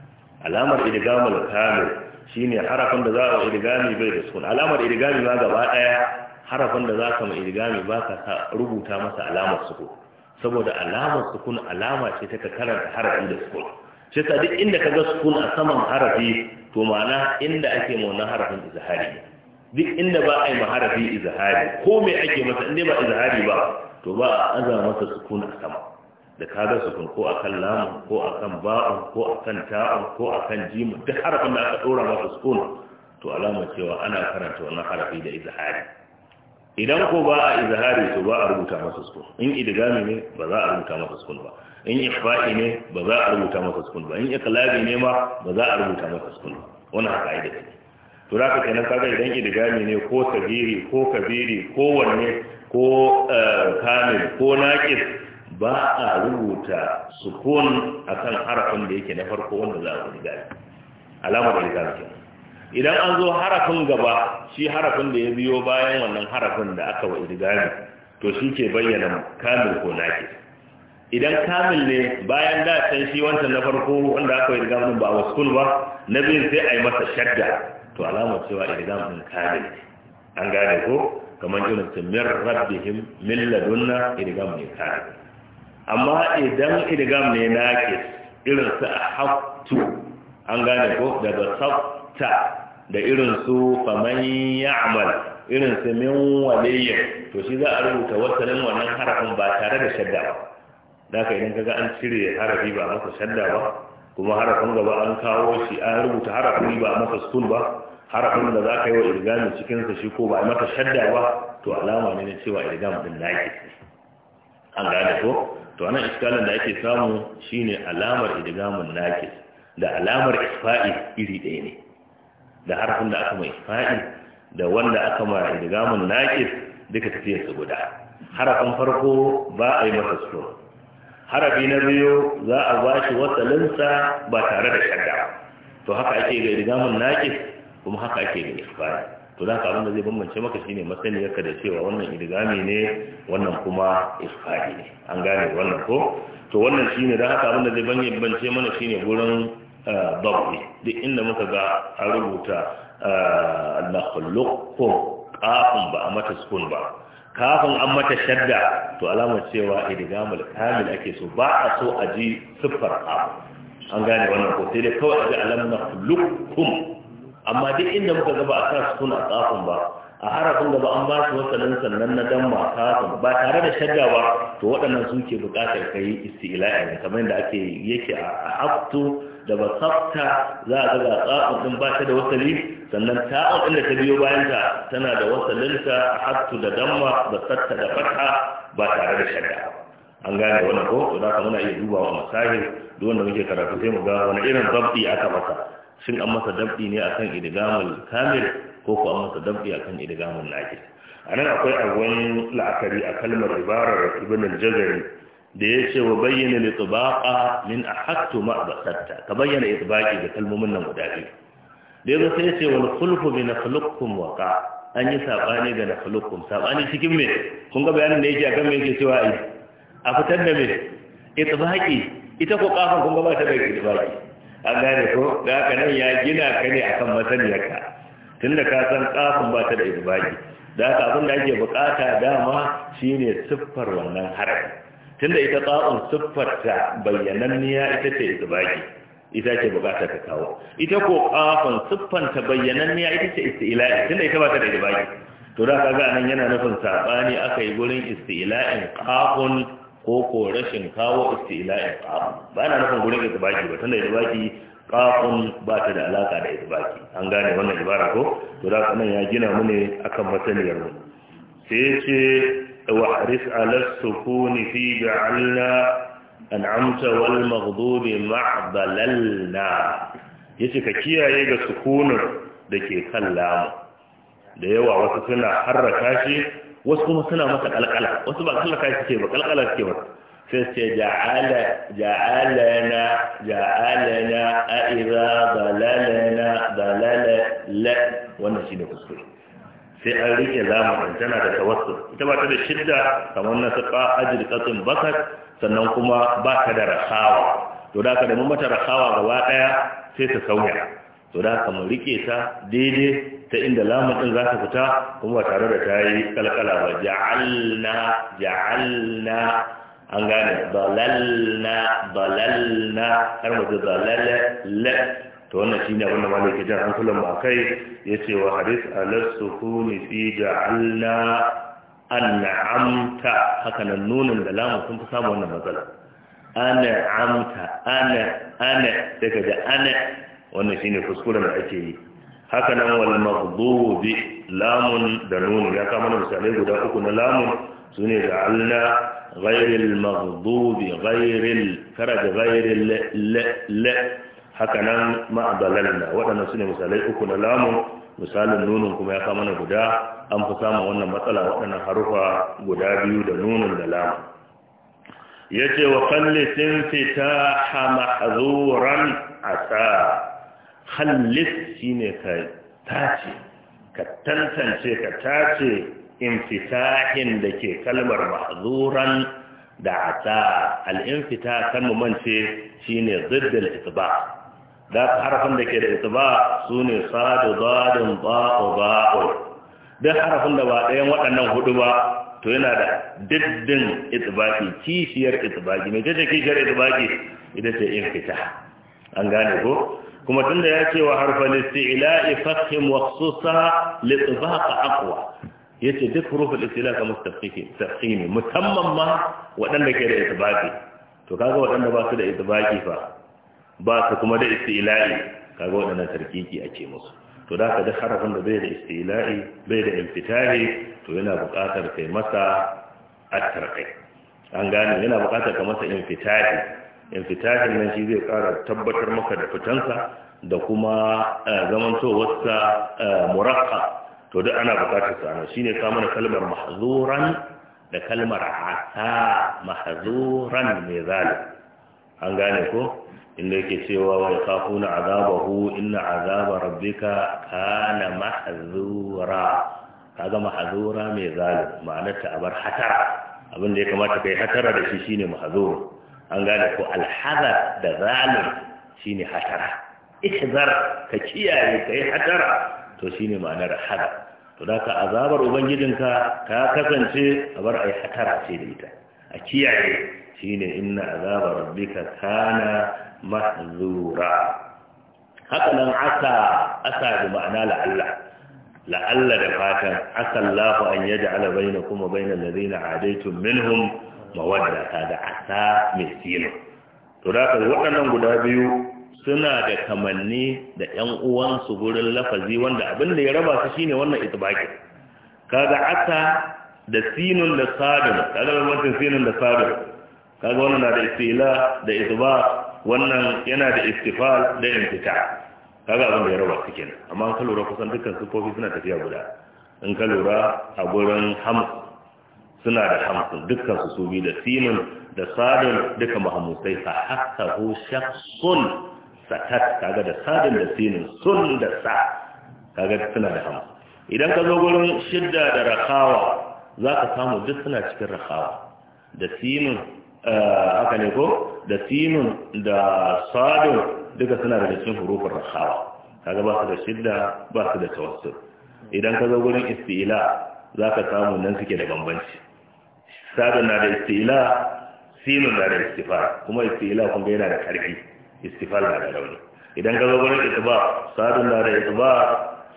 alamar idigamul kamil shine harafin da za a idigami bai da sukun alamar irigami ma gaba daya harafin da za ka mai idigami ba ka rubuta masa alamar sukun saboda alamar sukun alama ce ta karanta harafi da sukun shi yasa duk inda ka ga sukun a saman harafi to ma'ana inda ake ma wannan harafin izhari duk inda ba a ma harafi izhari ko me ake masa inda ba izhari ba to ba a aza masa sukun a sama da kaga kun ko akan lamun ko akan ba'un ko akan ta'un ko akan jimun duk harafin da aka dora masa sukun to alama cewa ana karanta wannan harafi da izhari idan ko ba a izhari to ba a rubuta masa sukun in idgami ne ba za a rubuta masa sukun ba in ifa'i ne ba za a rubuta masa sukun ba in iqlabi ne ma ba za a rubuta masa sukun ba wannan haka ai da kai to zaka kenan kaga idan idgami ne ko sagiri ko kabiri ko wanne ko eh, kamil ko naqis ba a rubuta sukun akan harafin da yake na farko wanda za a riga alamar riga idan an zo harafin gaba shi harafin da ya biyo bayan wannan harafin da aka wa irgami to shi ke bayyana kamil ko naki idan kamil ne bayan da can shi wancan na farko wanda aka wa irgami ba a wasu ba na biyu sai a yi masa shadda to alamar cewa mun kamil ne an gane ko kamar irin su min rabbihim min ladunna irgamin kamil amma idan idgam ne nake irin su haftu an gane ko daga sabta da irin su faman ya'mal irin su min waliyyi to shi za a rubuta wasalin wannan harafin ba tare da shadda ba da idan kaga an cire harafi ba masa shadda ba kuma harafin gaba an kawo shi an rubuta harafin ba masa sukun ba harafin da za ka yi wa irgami cikinsa shi ko ba maka shadda ba to alama ne na cewa irgam din naki an gane ko to anan iskalin da ake samu shine alamar idgamun nakis da alamar isfa'i iri ɗaya ne da harfin da aka mai isfa'i da wanda aka ma idgamun nakis duka tafiyar su guda harafin farko ba a yi masa sukun harafi na biyu za a ba shi wasalinsa ba tare da shadda to haka ake ga idgamun nakis kuma haka ake ga isfa'i to za ka abinda zai bambance maka shine masaniyarka da cewa wannan idgami ne wannan kuma isfadi ne an gane wannan ko to wannan shine da haka abinda zai bambance mana shine gurin eh, dabbi duk inda muka ga a rubuta na eh, khuluqu qafun ba a mata sukun ba kafin an mata shadda to alamar cewa idgamul kamil ake so ba a so a ji siffar qaf an gane wannan ko sai dai kawai a ji alam na amma duk inda muka gaba ba a sa sukun a tsafin ba a harafin gaba an ba su wasannin sannan na dan masu ba tare da shadda ba to waɗannan su ke buƙatar ka yi isti'ila'i ne kamar yadda ake yake a haftu da ba tsafta za a ga tsafin din ba ta da wasali sannan ta ɗin da ta biyo bayan ta tana da wasalinta a haftu da damma da tsafta da fata ba tare da shagga an gane wani ko to da muna iya dubawa masahin duk wanda muke karatu sai mu ga wani irin zabti aka masa shin an masa dabdi ne akan idgamul kamil ko ko an masa dabdi akan idgamul naqis anan akwai abun la'akari a kalmar ibarar ibn al-jazari da ya ce wa bayyana litibaqa min ahattu ma basatta ka bayyana itibaqi da kalmomin nan guda biyu da yazo sai ya ce wal khulfu bi wa ka an yi sabani da nakhluqkum sabani cikin me kun ga bayanin da yake akan me yake cewa ai a fitar da me itibaqi ita ko kafan kun ga ba ta da itibaqi an gane ko da haka nan ya gina ka ne akan masaniyarka tunda ka san kafin ba ta da ibadi da haka abin da ake bukata dama shine siffar wannan harafi tunda ita tsawon siffarta bayyananniya ita ce ibadi ita ce bukata ta kawo ita ko kafin siffanta bayyananniya ita ce isti'la'i tunda ita ba ta da ibadi to da ga nan yana nufin sabani aka yi gurin istila'in kafin. ko ko rashin kawo istila'in qaf ba na nufin gurin itibaki ba tunda itibaki kafun ba ta da alaƙa da itibaki an gane wannan ibara ko to da nan ya gina mu ne akan masaniyar mu sai ce wa haris ala sukuni fi ja'alna an'amta wal maghdubi ma'dalalna yace ka kiyaye ga sukunin da ke kan lamu da yawa wasu suna harraka shi wasu kuma suna masa kalkala wasu ba kalkala suke ba kalkala suke ba sai su ce ja'ala ja'alana ja'alana a idza dalalana dalala la wannan shine kuskure sai an rike zamanin tana da tawassul ita ba ta da shidda kamar na saqa ajriqatun basar sannan kuma ba ta da rahawa to da ka da mun mata rahawa gaba daya sai ta sauya to da ka mu rike ta daidai ta inda lamun din zaka fita kuma ba tare da tayi kalkala ba ja'alna ja'alna an gane dalalna dalalna har mu ji dalala la to wannan shine abin da malaka ke jan hankulan ba kai yace wa hadith al-sukuni fi ja'alna an'amta haka nan nunin da lamun sun fi samu wannan matsala an'amta ana ana daga da ana wannan shine kuskuren da ake yi Hakanan nan wal maghdubi lamun da nun ya kama misalai guda uku na lamun sune da Allah غير المغضوب غير الكرج غير ال ل ل هكذا ما ضللنا وانا سنه misalai uku na lamu misalin nunun kuma ya kama guda an fi samun wannan matsala waɗannan harufa guda biyu da nunun da lamu yace wa qallitin fitaha mahzuran asa shi ne ka tace ka tantance ka tace infitahin da ke kalmar mahzuran da ta al-infita kan mu mance shine ziddal itba da harafin da ke da itba sune sadu zadun ba'u ba'u da harafin da ba ɗayan waɗannan hudu ba to yana da diddin itbaki kishiyar itbaki mai ce kishiyar itbaki ita ce infita an gane ko kuma tunda ya ce wa harfa listi'la'i fakhim wa khususa li tibaq aqwa yace duk huruful istila kamar tafsiri musamman ma waɗanda ke da itibaqi to kaga waɗanda ba su da itibaqi fa ba su kuma da istila'i kaga waɗannan tarkiki ake musu to da ka da harafin da bai da istila'i bai da infitahi to yana buƙatar kai masa at an gane yana buƙatar ka masa infitahi infitahin nan shi zai kara tabbatar maka da fitansa da kuma eh, zamantowarsa eh, murakka to duk ana bukatar sa shine ka mana kalmar mahzuran da kalmar ata mahzuran mai zalim an gane ko inda yake cewa wa na azabahu inna azabar rabbika kana mahzura kaga mahzura mai zalim ma'anarta ta abar hatara abin da ya kamata kai hatara da shi shine mahzur an gane ko alhazar da zalim shine hatara ihzar ka kiyaye kai hatara to shine ma'anar hadar to da ka azabar ubangijinka ta kasance a bar ai hatara ce da ita a kiyaye shine inna azabar rabbika kana mahzura haka nan asa asa da ma'ana la'alla la'alla da fatan asa Allah an yaj'ala bainakum wa bainal ladina adaitum minhum mawadda ta da asa miskina to da ka waɗannan guda biyu suna da kamanni da ƴan uwansu gurin lafazi wanda abin da ya raba su shine wannan itibaki kaga asa da sinun da sadun kaga wannan sinun da sadun kaga wannan na da istila da itibaq wannan yana da istifal da infita kaga abin da ya raba cikin amma ka lura kusan dukkan kofi suna tafiya guda in ka lura a gurin ham suna da hamsin dukkan su su da sinin da sadin duka mahamusai fa hasahu shakhsun satat kaga da sadin da sinin sun da sa kaga suna da hamsin idan ka zo gurin shidda da rakawa za ka samu duk suna cikin rakawa da sinin eh, haka ne ko da sinin da sadin duka suna da cikin hurufin rakawa kaga ba su da shidda ba su da tawassul idan ka zo gurin istila ka samu nan suke da bambanci sadun na da istila sinu na da istifa kuma istila kun ga yana da karfi istifa na da rauni idan ka zo gurin itba na da itba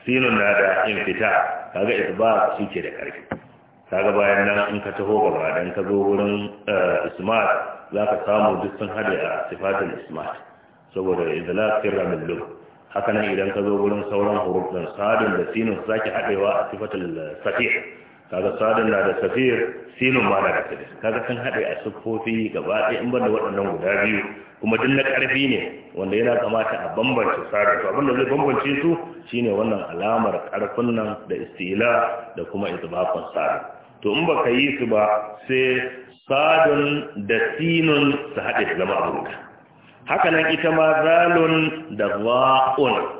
sinu na da infita kaga itba shi ke da karfi kaga bayan nan in ka taho gaba dan ka zo wurin eh, za ka samu duk sun hade a sifatul isma'il saboda idla sirra min lub haka nan idan ka zo wurin sauran huruf din sadin da sinin zaki hadewa a sifatul fatih eh, kaga sadin na da safir sinun ma na da safir kaga kan haɗe a siffofi gaba ɗaya in banda waɗannan guda biyu kuma duk na ƙarfi ne wanda yana kamata a bambance sadin to abinda zai bambance su shine wannan alamar ƙarfin nan da istila da kuma izbafin sadin to in baka yi su ba sai sadin da sinun su haɗe su zama abu haka nan ita ma zalun da za'un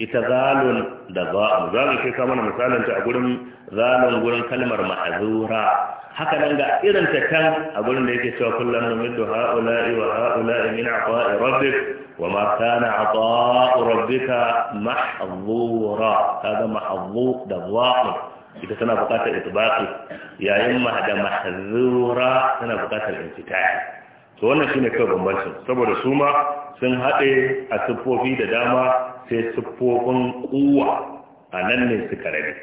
ita zalun da za'u za mu kai mana misalin ta a gurin zalun gurin kalmar ma'azura haka nan ga irin ta kan a gurin da yake cewa kullum numiddu ha'ula'i wa ha'ula'i min ata'i rabbik wa ma kana ata'u rabbika mahzura kaga mahzu da za'u ita tana bukatar itibaqi yayin mahda mahzura tana bukatar intitai to wannan shine kai bambanci saboda su ma sun haɗe a siffofi da dama sai siffofin kuwa a nan ne suka rage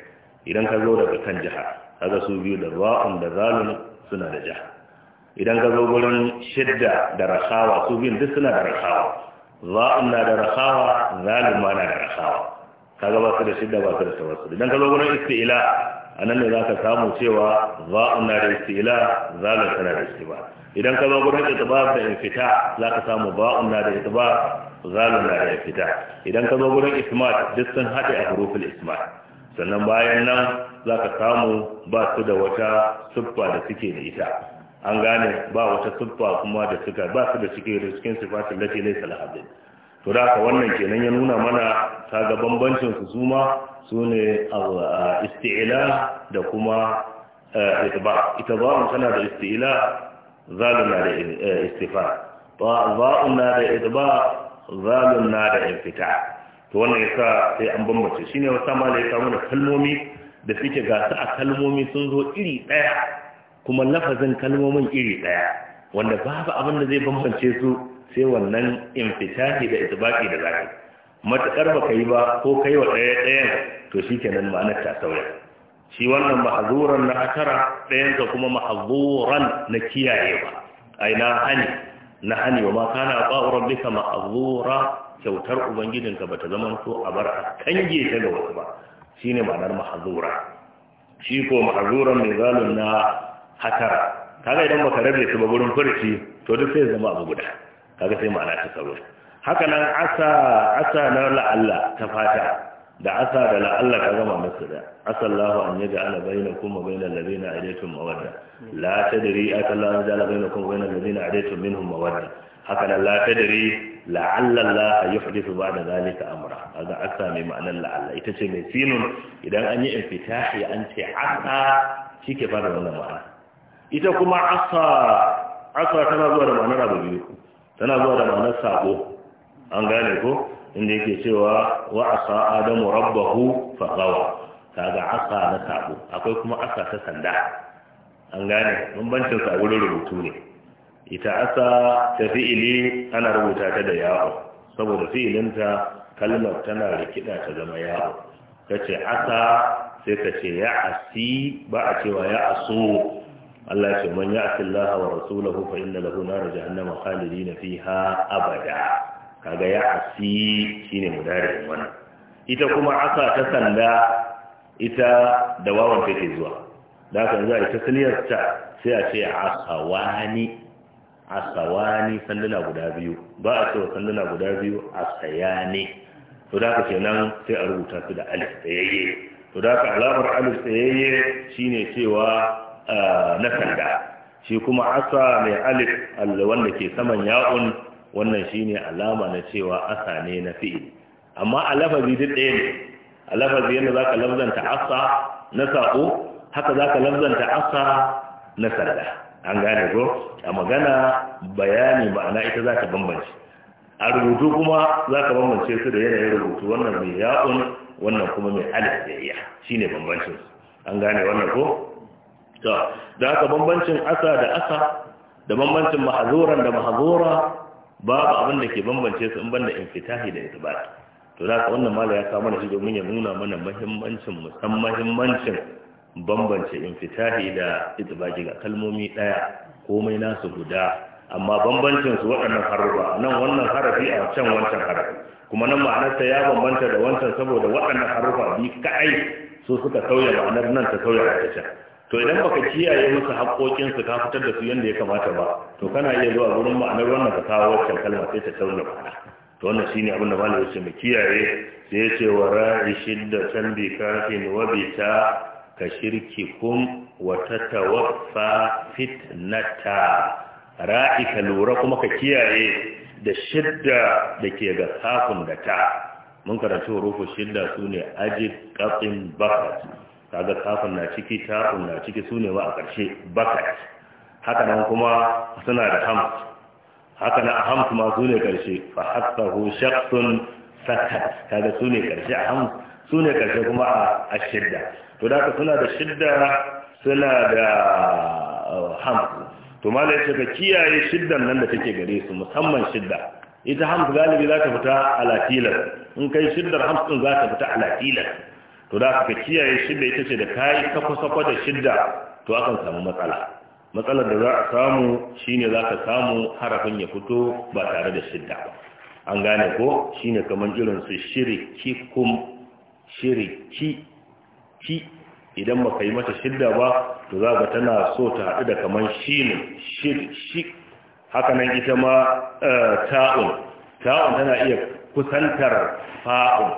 idan ka zo daga kan jiha kaga su biyu da ra'un da zalun suna da jiha idan ka zo gurin shidda da rasawa su biyun duk suna da rasawa ra'un na da rasawa zalun ma na da rasawa kaga ba su da shidda ba su da tawassul idan ka zo gurin isti'ila a nan ne za ka samu cewa za a na da istila za a tana da istiba idan ka zo gurin itibar da infita za ka samu ba na da itibar za na da infita idan ka zo gurin ismat duk sun haɗe a hurufin ismat sannan bayan nan za ka samu ba su da wata siffa da suke da ita an gane ba wata siffa kuma da suka ba su da suke da cikin sifatin lati laysa lahabin to da ka wannan kenan ya nuna mana ta ga bambancin su suma sune uh, isti'la da kuma uh, ita ba'un tana da isti'ila zalun na da uh, istifa ba'un na da itba zalun na da infita to wannan yasa sai an bambance shi shine wata mala ya samu da kalmomi da suke gasa a kalmomi sun zo iri daya kuma lafazin kalmomin iri daya wanda babu abin da zai bambance su sai wannan in infitahi da itibaki da zaki matakar baka yi ba ko kai wa ɗaya ɗayan to shi kenan ma'anar ta sauya shi wannan mahazuran na tara ka kuma mahazuran na kiyayewa ai na hani na hani wa ma kana ba'u rabbika mahzura kyautar ubangijinka ta zama so a bar a kange ta ga wasu ba shine ma'anar mahzura shi ko mahzuran mai zalun na hatara kaga idan baka rabe su ba gurin furci to duk sai zama abu guda kaga sai ma'ana ta tsaro haka nan asa asa na la'alla ta fata da asa da la'alla ka gama masu da asallahu an yaja ala bainakum wa bainal ladina adaytum mawadda la tadri asallahu an yaja ala bainakum wa bainal ladina adaytum minhum mawadda haka nan la tadri la'alla Allah yuhdithu ba'da zalika amra kaga asa mai ma'anar la'alla ita ce mai sinun idan an yi infitahi an ce asa shike fara wannan ma'ana ita kuma asa asa tana zuwa da ma'anar abu biyu tana zuwa da ma'anar sabo an gane ko inda yake cewa wa asa adamu rabbahu fa gawa kaga asa na sabo akwai kuma asa ta sanda an gane bambancin sabo da rubutu ne ita asa ta fi'ili ana rubuta ta da yawo saboda fi'ilinta kalmar tana rikida ta zama yawo kace asa sai kace ya asi ba a cewa ya aso Allah ce man ya ya'ti Allah wa rasulahu fa inna lahu nar jahannama khalidina fiha abada kaga ya asi shine mudarin wannan ita kuma aka ta sanda ita da wawan take zuwa da haka za a ta ta sai a ce asawani asawani sanduna guda biyu ba a ce sanduna guda biyu asayani to da ce nan sai a rubuta su da alif tsayayye to da haka alamar alif tsayayye shine cewa na sanda shi kuma asa mai alif wanda ke saman ya'un wannan shine alama na cewa asa ne na fi'il amma a lafazi duk ɗaya ne a lafazi yadda za ka lafzanta asa na sa'o haka za ka lafzanta asa na sanda an gane ko a magana bayani ma'ana ita za ta bambance a rubutu kuma za ka bambance su da yanayin rubutu wannan mai ya'un wannan kuma mai alif da iya shine bambancin an gane wannan ko ta da haka bambancin asa da asa da bambancin mahazuran da mahazura babu abin da ke bambance su in banda infitahi da itibar to da haka wannan mala ya kawo mana shi domin ya nuna mana muhimmancin musamman muhimmancin bambance infitahi da itibar ga kalmomi daya komai nasu guda amma bambancin su waɗannan harufa nan wannan harafi a can wancan harafi kuma nan ta ya bambanta da wancan saboda waɗannan harufa bi kai su suka sauya ma'anar nan ta sauya a ta can to idan baka kiyaye musu haƙoƙin su ka fitar da su yanda ya kamata ba to kana iya zuwa gurin ma'anar wannan ka kawo wancan kalma sai ta tauna ma'ana to wannan shine abin da malam yace mu kiyaye sai yace wa ra'i shidda san bi kafin wa bi ta ka kum wa tatawaffa fitnata ra'i ka lura kuma ka kiyaye da shidda da ke ga kafin da ta mun karanta rufu shidda su ne ajib qatin bakat kaga kafin na ciki tafin na ciki su ne ba a ƙarshe bakat haka nan kuma suna da ham haka nan a ham ma su ne ƙarshe fa hasahu shakhsun sakat kaga su ne ƙarshe a ham su ne ƙarshe kuma a shidda to da suna da shidda suna da ham uh, to ma ce ka kiyaye shiddan nan da take gare su musamman shidda ita ham galibi za ta fita a latilar in kai shiddar ham din za ta fita a latilar to da aka kiyaye shidda ita ce da kayi ka sakwa da shidda to akan samu matsala matsalar da za a samu shine za ka samu harafin ya fito ba tare da shidda ba an gane ko shine kamar irin su shiriki kum shiriki ki idan ba ka yi mata shidda ba to za ka tana so ta haɗu da kamar shine shirki haka nan ita ma eh, ta'un ta'un tana iya kusantar fa'un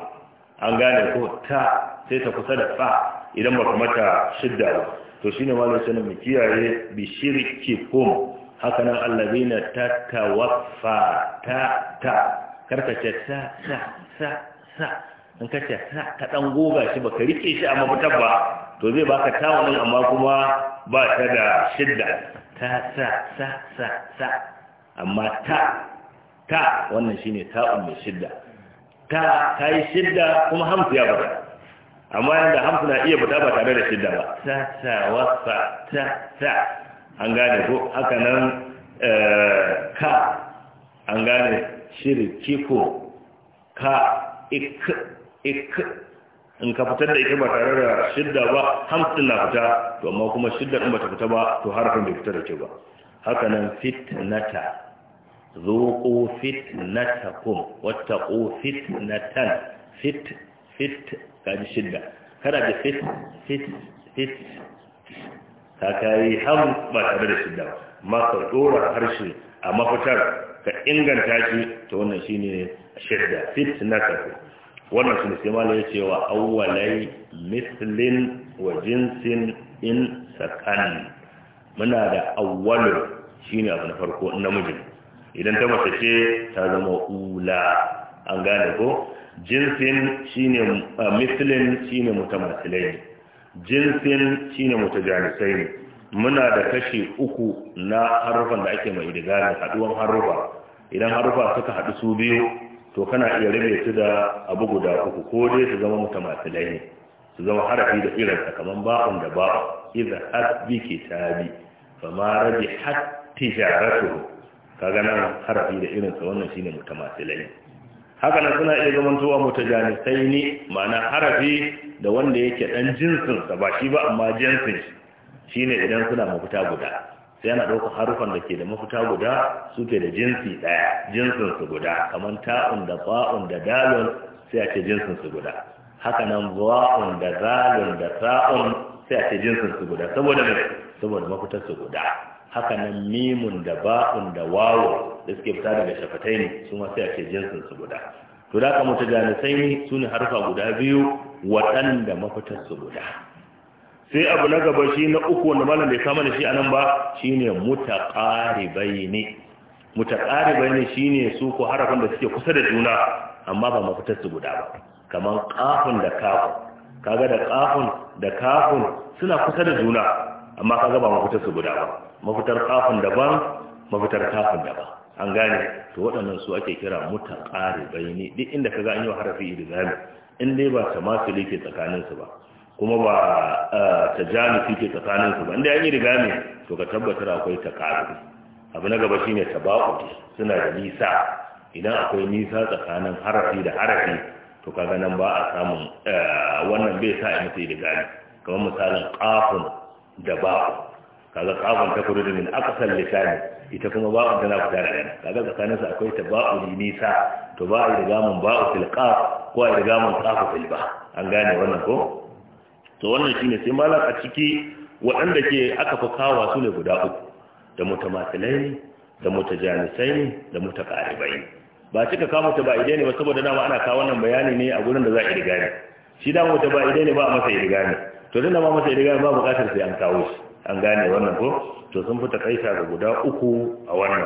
an gane ko ta sai ta kusa da fa idan ba mata shidda ba to shine malam sanin mu kiyaye bi shirki kum haka nan allazina tatawaffa ta ta karkace ta, sa sa sa in ka ce sa ta dan goga shi baka rike shi amma mafitar ba to zai baka tawanin amma kuma ba ta da shidda ta sa sa sa sa amma ta ta wannan shine ta'un mai shidda ta ta yi shidda kuma hamsu ya bata amma yadda hamsu na iya fita ba tare da shidda ba ta ta wasa ta ta an gane ko haka nan eh, ka an gane shirki kiko ka ik ik in ka fitar da ita ba tare da shidda ba hamsin na fita to amma kuma shidda ba bata fita ba to harafin bai fita da ke ba haka nan fitnata zuqu fitnatakum wattaqu fitnatan fit Fit kaji shidda kana da fit fifth fifth ka kai ham ba tare da shidda ba ma ka dora harshe a mafitar ka inganta shi to wannan shine shidda Fit na ka wannan shine sai ya cewa awwalai mithlin wa jinsin in sakan muna da awwalu shine abu na farko namiji idan ta mace ce ta zama ula an gane ko jinsin shine mislin shine mutamasilai jinsin shine ne muna da kashi uku na harufan da ake mai idigami haduwan harufa idan harufa suka hadu su biyu to kana iya rabe su da abu guda uku ko dai su zama mutamasilai ne su zama harafi da irin kaman ba'un da ba'un idza hasbi kitabi fama rabi hatta tijaratu kaga nan harafi da irin sa wannan shine mutamasilai haka nan suna iya zamantowa mutajanisai ne ma'ana harafi da wanda yake dan jinsinsa ba shi ba amma jinsin shi shine idan suna mafita guda sai ana dauka harufan da ke da mafita guda su ke da jinsi ɗaya jinsinsu guda kamar ta'un da ba'un da dalun sai a ce jinsinsu guda haka nan ba'un da zalun da ta'un sai a ce jinsinsu guda saboda saboda su guda haka nan mimun da ba'un da wawo da suke fita daga shafatai ne su ma sai jinsin su guda to da ka mutu janisai ne su ne harfa guda biyu waɗanda mafitar su guda sai abu na gaba shi na uku wanda malam bai kama da shi anan ba shine mutaqaribai ne mutaqaribai ne shine su ko harafin da suke kusa da juna amma ba mafitar su guda ba kamar qafun da kafun kaga da qafun da kafun suna kusa da juna amma ka gaba mafitar su guda ba mafitar kafin daban mafitar kafin daban an gane to waɗannan su ake kira muta ƙari bayani duk inda ka ga an yi wa harafi idigami in dai ba ta masu ke tsakaninsu ba kuma ba eh, ta jami ke tsakaninsu ba inda an yi rigami to ka tabbatar akwai ta ƙari abu na gaba shine ta suna da nisa idan akwai nisa tsakanin harafi da harafi to kaga nan ba a samun eh, wannan bai sa a mutu da kamar misalin kafin da ba'u kaga kafin ta kudu min aqsal lisani ita kuma ba'u tana fitar da ni kaga tsakaninsa akwai ta ba'u ne nisa to ba a mun ba fil qaf ko a mun qaf fil ba. an gane wannan ko to wannan shine sai malam a ciki waɗanda ke aka fa kawa su ne guda uku da mutamatsalai da mutajanisai da mutaqaribai ba cika kama ta idai ne ba saboda dama ana kawo wannan bayani ne a gurin da za a yi ne shi dama ta idai ne ba a masa yi ne to dinda ba masa riga ba bukatar sai an kawo shi an gane wannan ko to sun fita kaita ga guda uku a wannan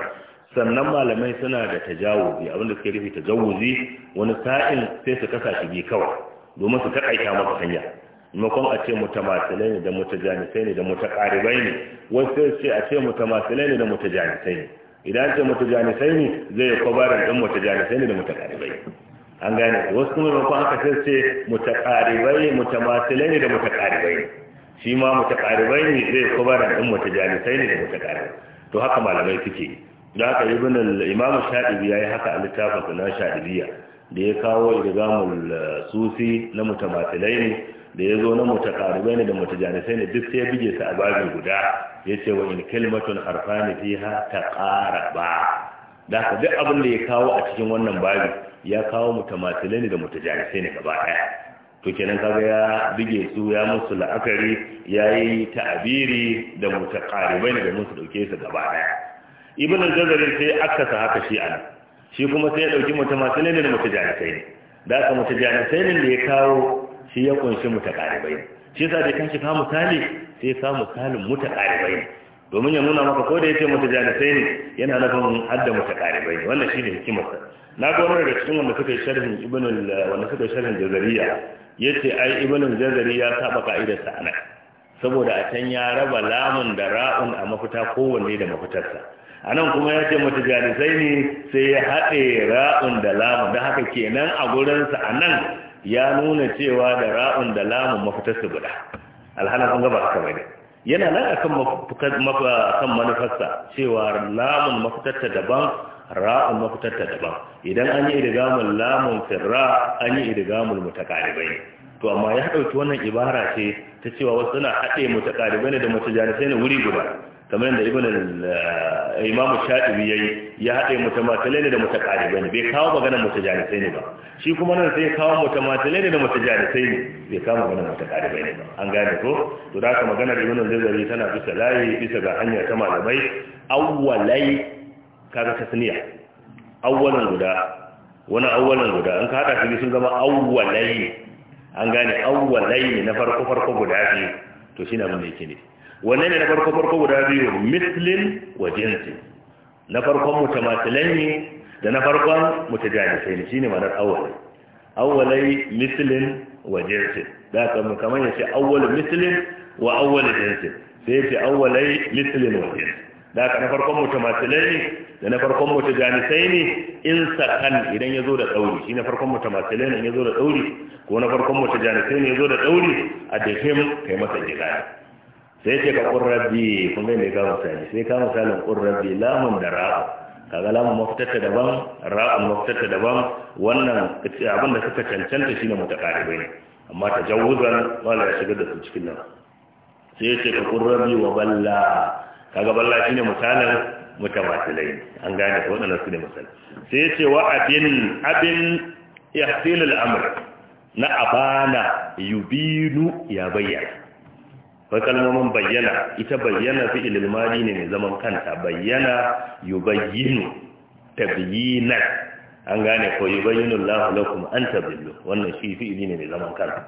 sannan malamai suna da tajawuzi abinda suke rufe tajawuzi wani sa'in sai su kasa shi bi kawai domin su takaita masa hanya maimakon a ce mutamasilai ne da mutajanisai ne da mutaqaribai ne wasu sai a ce mutamasilai ne da mutajanisai ne idan ce mutajanisai ne zai kwabaran din mutajanisai ne da mutaqaribai an gane wasu kuma maimakon aka sace mutaqaribai mutamasilai ne da mutaqaribai shi ma mutaqaribai ne zai kubaran din mutajalisai ne da mutaqaribai to haka malamai suke da haka ibn al-imam shadibi yayi haka a littafin na Shadibiya da ya kawo ilgamul eh, sufi na mutamasilai ne da ya zo na mutaqaribai ne da mutajalisai ne duk sai ya bige su a babin guda yace wa in kalmatun harfani fiha taqaraba da haka duk abin da ya kawo a cikin wannan babi ya kawo mutamatsile ne da mutajanisai ne gaba ɗaya to kenan kaga ya bige su ya musu la'akari ya yi ta'abiri da mutaqaribai ne da musu dauke su gaba ɗaya ibn al-jazari sai akasa haka shi ana shi kuma sai ya dauki mutamatsile ne da mutajanisai ne da haka mutajanisai ne da ya kawo shi ya kunshi mutaqaribai shi yasa da kan shi misali sai ya misalin mutaqaribai ne domin ya nuna maka ko da yake mutu jalisai ne yana nufin hadda mutu ɗalibai ne wannan shine hikimarsa na ga da daga cikin wanda suka yi sharhin ibn wanda suka yi sharhin jazariya yace ai ibn jazari ya saba ka'idar sa saboda a can ya raba lamun da ra'un a mafita kowanne da mafitarsa a nan kuma ya ce mutu jalisai ne sai ya haɗe ra'un da lamun da haka kenan a gurinsa a nan ya nuna cewa da ra'un da lamun mafitarsa guda alhalin an gaba haka bane yana nan akan kan manufarsa cewa lamun mafitarta daban ra'un mafitarta daban idan an yi idigamun lamun firra an yi idigamun mutakaribai to amma ya ɗauki wannan ibara ce ta cewa wasu suna haɗe mutakaribai ne da janisai ne wuri guda kamar yadda ibn eh, imam shatibi yayi ya hade mutamatilai ne da mutaqaribai ne bai kawo magana mutajalisai ne ba shi kuma nan sai kawo mutamatilai ne da mutajalisai ne bai kawo magana mutaqaribai ne ba an gane ko to da haka magana ibn zazzari tana bisa layi bisa ga hanya ta malamai awwalai kaga tasniya awwalan guda wani awwalan guda an ka hada shi sun zama awwalai an gane awwalai ne na farko farko guda biyu to shine abin da yake ne wanne ne na farko farko guda biyu mislin wa jinsi na farkon mu mutamatsilan ne da na farkon mu ta mutajalisai ne shine ma'anar awwalai awwalai mislin wa jinsi da ka kamar kaman ya ce awwal mislin wa awwal jinsi sai ya ce awwalai mislin wa jinsi da ka na farkon mu mutamatsilan ne da na farkon mu ta mutajanisai ne in sakan idan ya zo da ɗauri shi na farkon mu mutamatsilan ne ya zo da ɗauri ko na farkon mu ta mutajanisai ne ya zo da ɗauri a dafim kai masa gida sai ce ka ƙurrabi kun gani kama misali sai ka misalin ƙurrabi lamun da ra'u kaga lamun mafitarta daban ra'un mafitarta daban wannan abin da suka cancanta shine mutaqaribai ne amma tajawuzan wala ya shiga da su cikin nan sai ce ka ƙurrabi wa balla kaga balla shine misalin mutamatilai an gane ko wannan su ne misali sai ce wa abin abin ihsil amr na abana yubinu ya bayyana akwai kalmomin bayyana ita bayyana fi ilmadi ne mai zaman kanta bayyana yubayyinu tabyinan an gane ko yubayyinu Allahu lakum an tabillu wannan shi fi'ili ne mai zaman kanta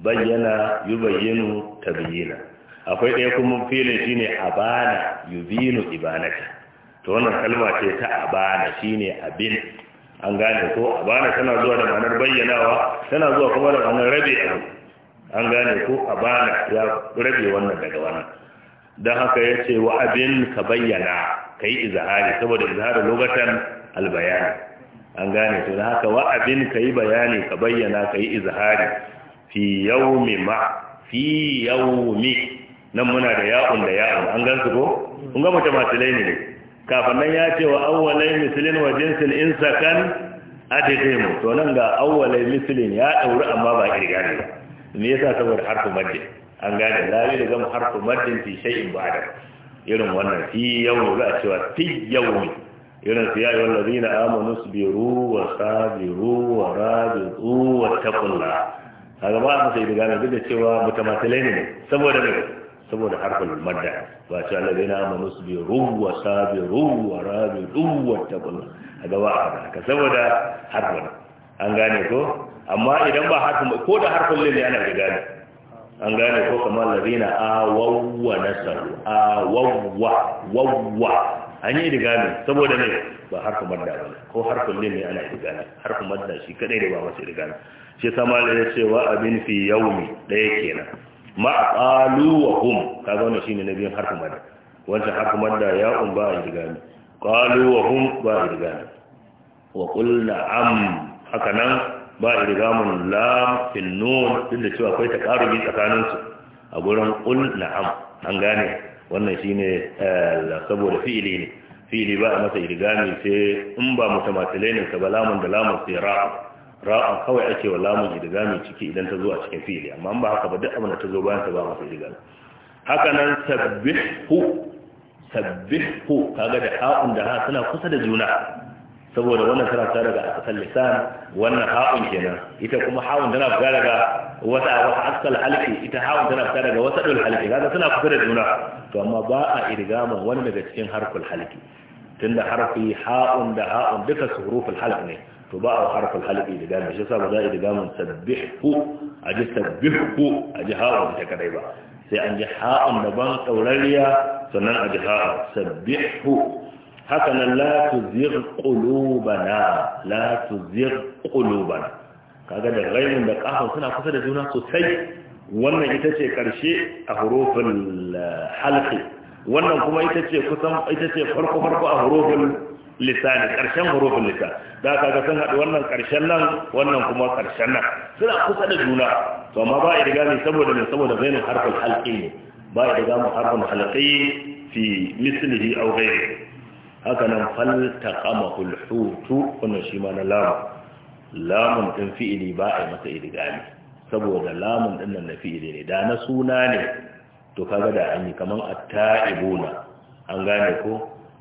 bayyana yubayyinu tabyina akwai ɗaya kuma filin shine abana yubinu ibanata to wannan kalma ce ta abana shine abin an gane ko abana tana zuwa da ma'anar bayyanawa tana zuwa kuma da ma'anar rabe abu an gane ko a bana ya rabe wannan daga wannan don haka ya ce wa abin ka bayyana ka yi izahari saboda izahari lokacin albayani an gane to da haka wa abin ka yi bayani ka bayyana ka yi izahari fi yaumi ma fi yaumi nan muna da ya'un da ya'un an gansu ko kun ga mutum matilai ne kafin nan ya ce wa awwalai misilin wa jinsin insakan adidimu to nan ga awwalai misilin ya ɗauri amma ba kirgani ba me yasa saboda harfu maddin, an gane lalle da gama harfu maddin fi shay'in ba'da irin wannan fi yawmi za a cewa fi yawmi irin su yayi wallazi na amanu subiru wa sabiru wa rabitu wa taqulla kaga ba mu sai da gane da cewa mutamatalai ne saboda me saboda harfu madda ba cewa Allah amanu subiru wa sabiru wa ruwa wa taqulla ta ba a gaba a haka saboda harfu an gane ko amma idan ba harfin ko da harfin lil ne ana riga ne an gane ko kamar lazina awawwa nasaru A wawwa wawwa. an yi riga ne saboda ne ba harfin madda ba ko harfin lil ne ana riga ne harfin madda shi kadai da ba masu riga ne shi sama da ya ce wa abin fi yaumi daya kenan ma qalu wa hum kaga wannan shine na biyan harfin madda wancan harfin madda ya um ba riga ne qalu wa hum ba riga ne wa qul Am haka nan ba a idgamun mun lamfin nun duk da cewa akwai takarubi tsakaninsu. su a gurin qul na'am an gane wannan shi ne eh, saboda fi'ili ne fi'ili ba a masa idgami sai in ba mutamatilai ne ka ba lamun da lamun sai ra'a ra'a kawai ake wa lamun idgami ciki idan ta zo a cikin fi'ili amma ba haka ba duk abin da ta zo bayan ta ba masa idgami haka nan sabbihu sabbihu kaga da ha'un da ha suna kusa da juna saboda wannan tana fita daga asal lisan wannan ha'un kenan ita kuma ha'un tana fita daga wata asal halki ita ha'un tana fita daga wasadul halki kaga suna kusa da juna to amma ba a irgama wani daga cikin harful halki tunda harfi ha'un da ha'un duka su huruful halq ne to ba a harful da idgama shi yasa ba za a idgama sabbihu a ji sabbihu a ji ha'un ta kadai ba sai an ji ha'un daban daurariya sannan a ji ha'un sabbihu haka nan la tuzigh qulubana la tuzigh qulubana kaga da ghainun da kafa suna kusa da juna sosai wannan ita ce karshe a hurufin eh, halki wannan kuma ita ce kusan ita ce farko farko a hurufin lisani karshen hurufin lisan da kaga sun haɗu wannan karshen nan wannan kuma karshen nan suna kusa da juna to amma ba a riga ne saboda ne saboda ghainun harfin halqi ne ba a riga mu harfin halqi fi mislihi aw ghairihi haka nan faltaqamahu alhutu wannan shi ma na lamu lamun din fi'ili ba a masa idgami saboda lamun din nan na fi'ili ne da na suna ne to kaga da an yi kaman attaibuna an gane ko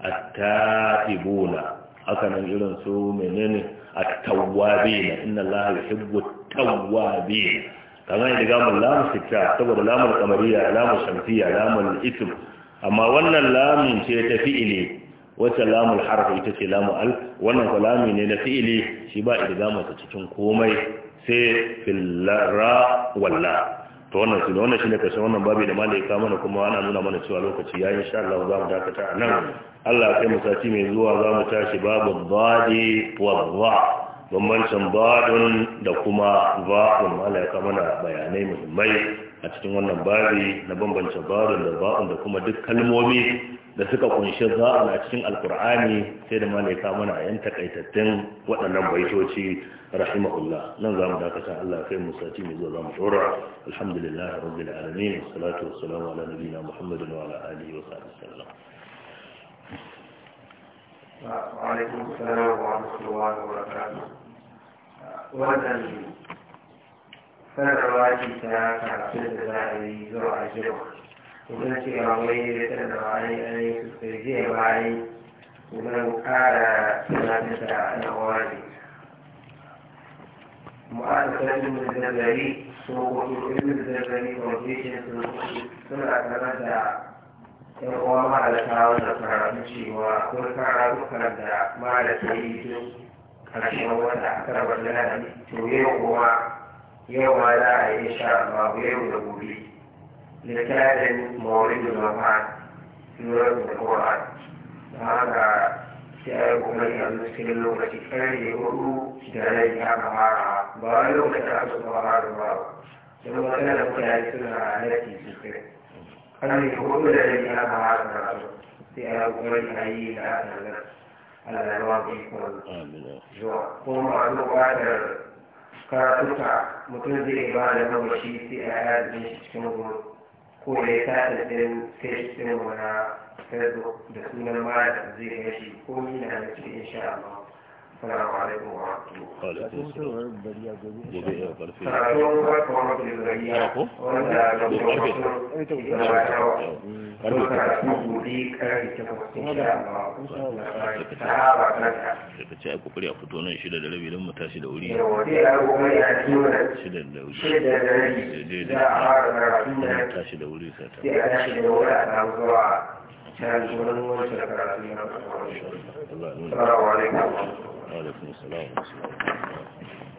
a attaibuna haka nan irin su menene at-tawwabin inna allaha yuhibbu at-tawwabin kaga ne daga mun lamu sita saboda lamun kamariya lamun shamsiya lamun ism amma wannan lamun ce ta fi'ili wacce lamun harfi ita ce lamun al wannan kalami ne na fi'ili shi ba idgama cikin komai sai fil ra walla to wannan su wannan shine kashe wannan babu da malai ka mana kuma ana nuna mana cewa lokaci yayi insha Allah za mu dakata a nan Allah ya kai mu sati mai zuwa za mu tashi babu dadi wa dha bambancin badun da kuma za'un Allah ka mana bayanai muhimmai a cikin wannan babi na bambance barin da ba'un da kuma duk kalmomi da suka kunshi za'un a cikin alkur'ani sai da malaika mana a yan takaitattun waɗannan baitoci rahimahullah nan za mu dakata Allah kai mu sati mai zuwa za mu dora alhamdulillah rabbil alamin salatu wassalamu ala nabiyina muhammadin wa ala alihi wa sahbihi sallam wa alaikum assalam wa rahmatullahi wa barakatuh wannan sanarwa ce ta kafin da za a yi zuwa a jiro idan ce ba wai da sanarwa ne an yi sosai zai bayi idan kara tunanin da ana wani mu'adasar da zazzari su kuma ilmin zazzari foundation su suna sanar da yan uwa malata wanda karatu cewa akwai karatukan da malata yi duk karshen wata a karbar lalata to yau kuma yau ma za a yi sha babu yau da gobe littafin mawulidin mafa lura da ƙoran da haka sai kuma yanzu cikin lokaci ƙarfe hudu da rai ya kamara ba wani lokacin a suka fara ba don wani da mutane suna halarci sosai ƙarfe hudu da rai ya kamara da su sai a kuma yayi da aka nan Allah ya ba ku ikon zuwa kuma masu ƙwadar karatuka mutum zai ba da shi sai a zai shi cikin gudun ko ya yi sata ɗin gudun na facebook da sunan mara zai gashi ko mina da cikin insha ba. السلام عليكم ورحمة الله daga ce a a da a alaikum salam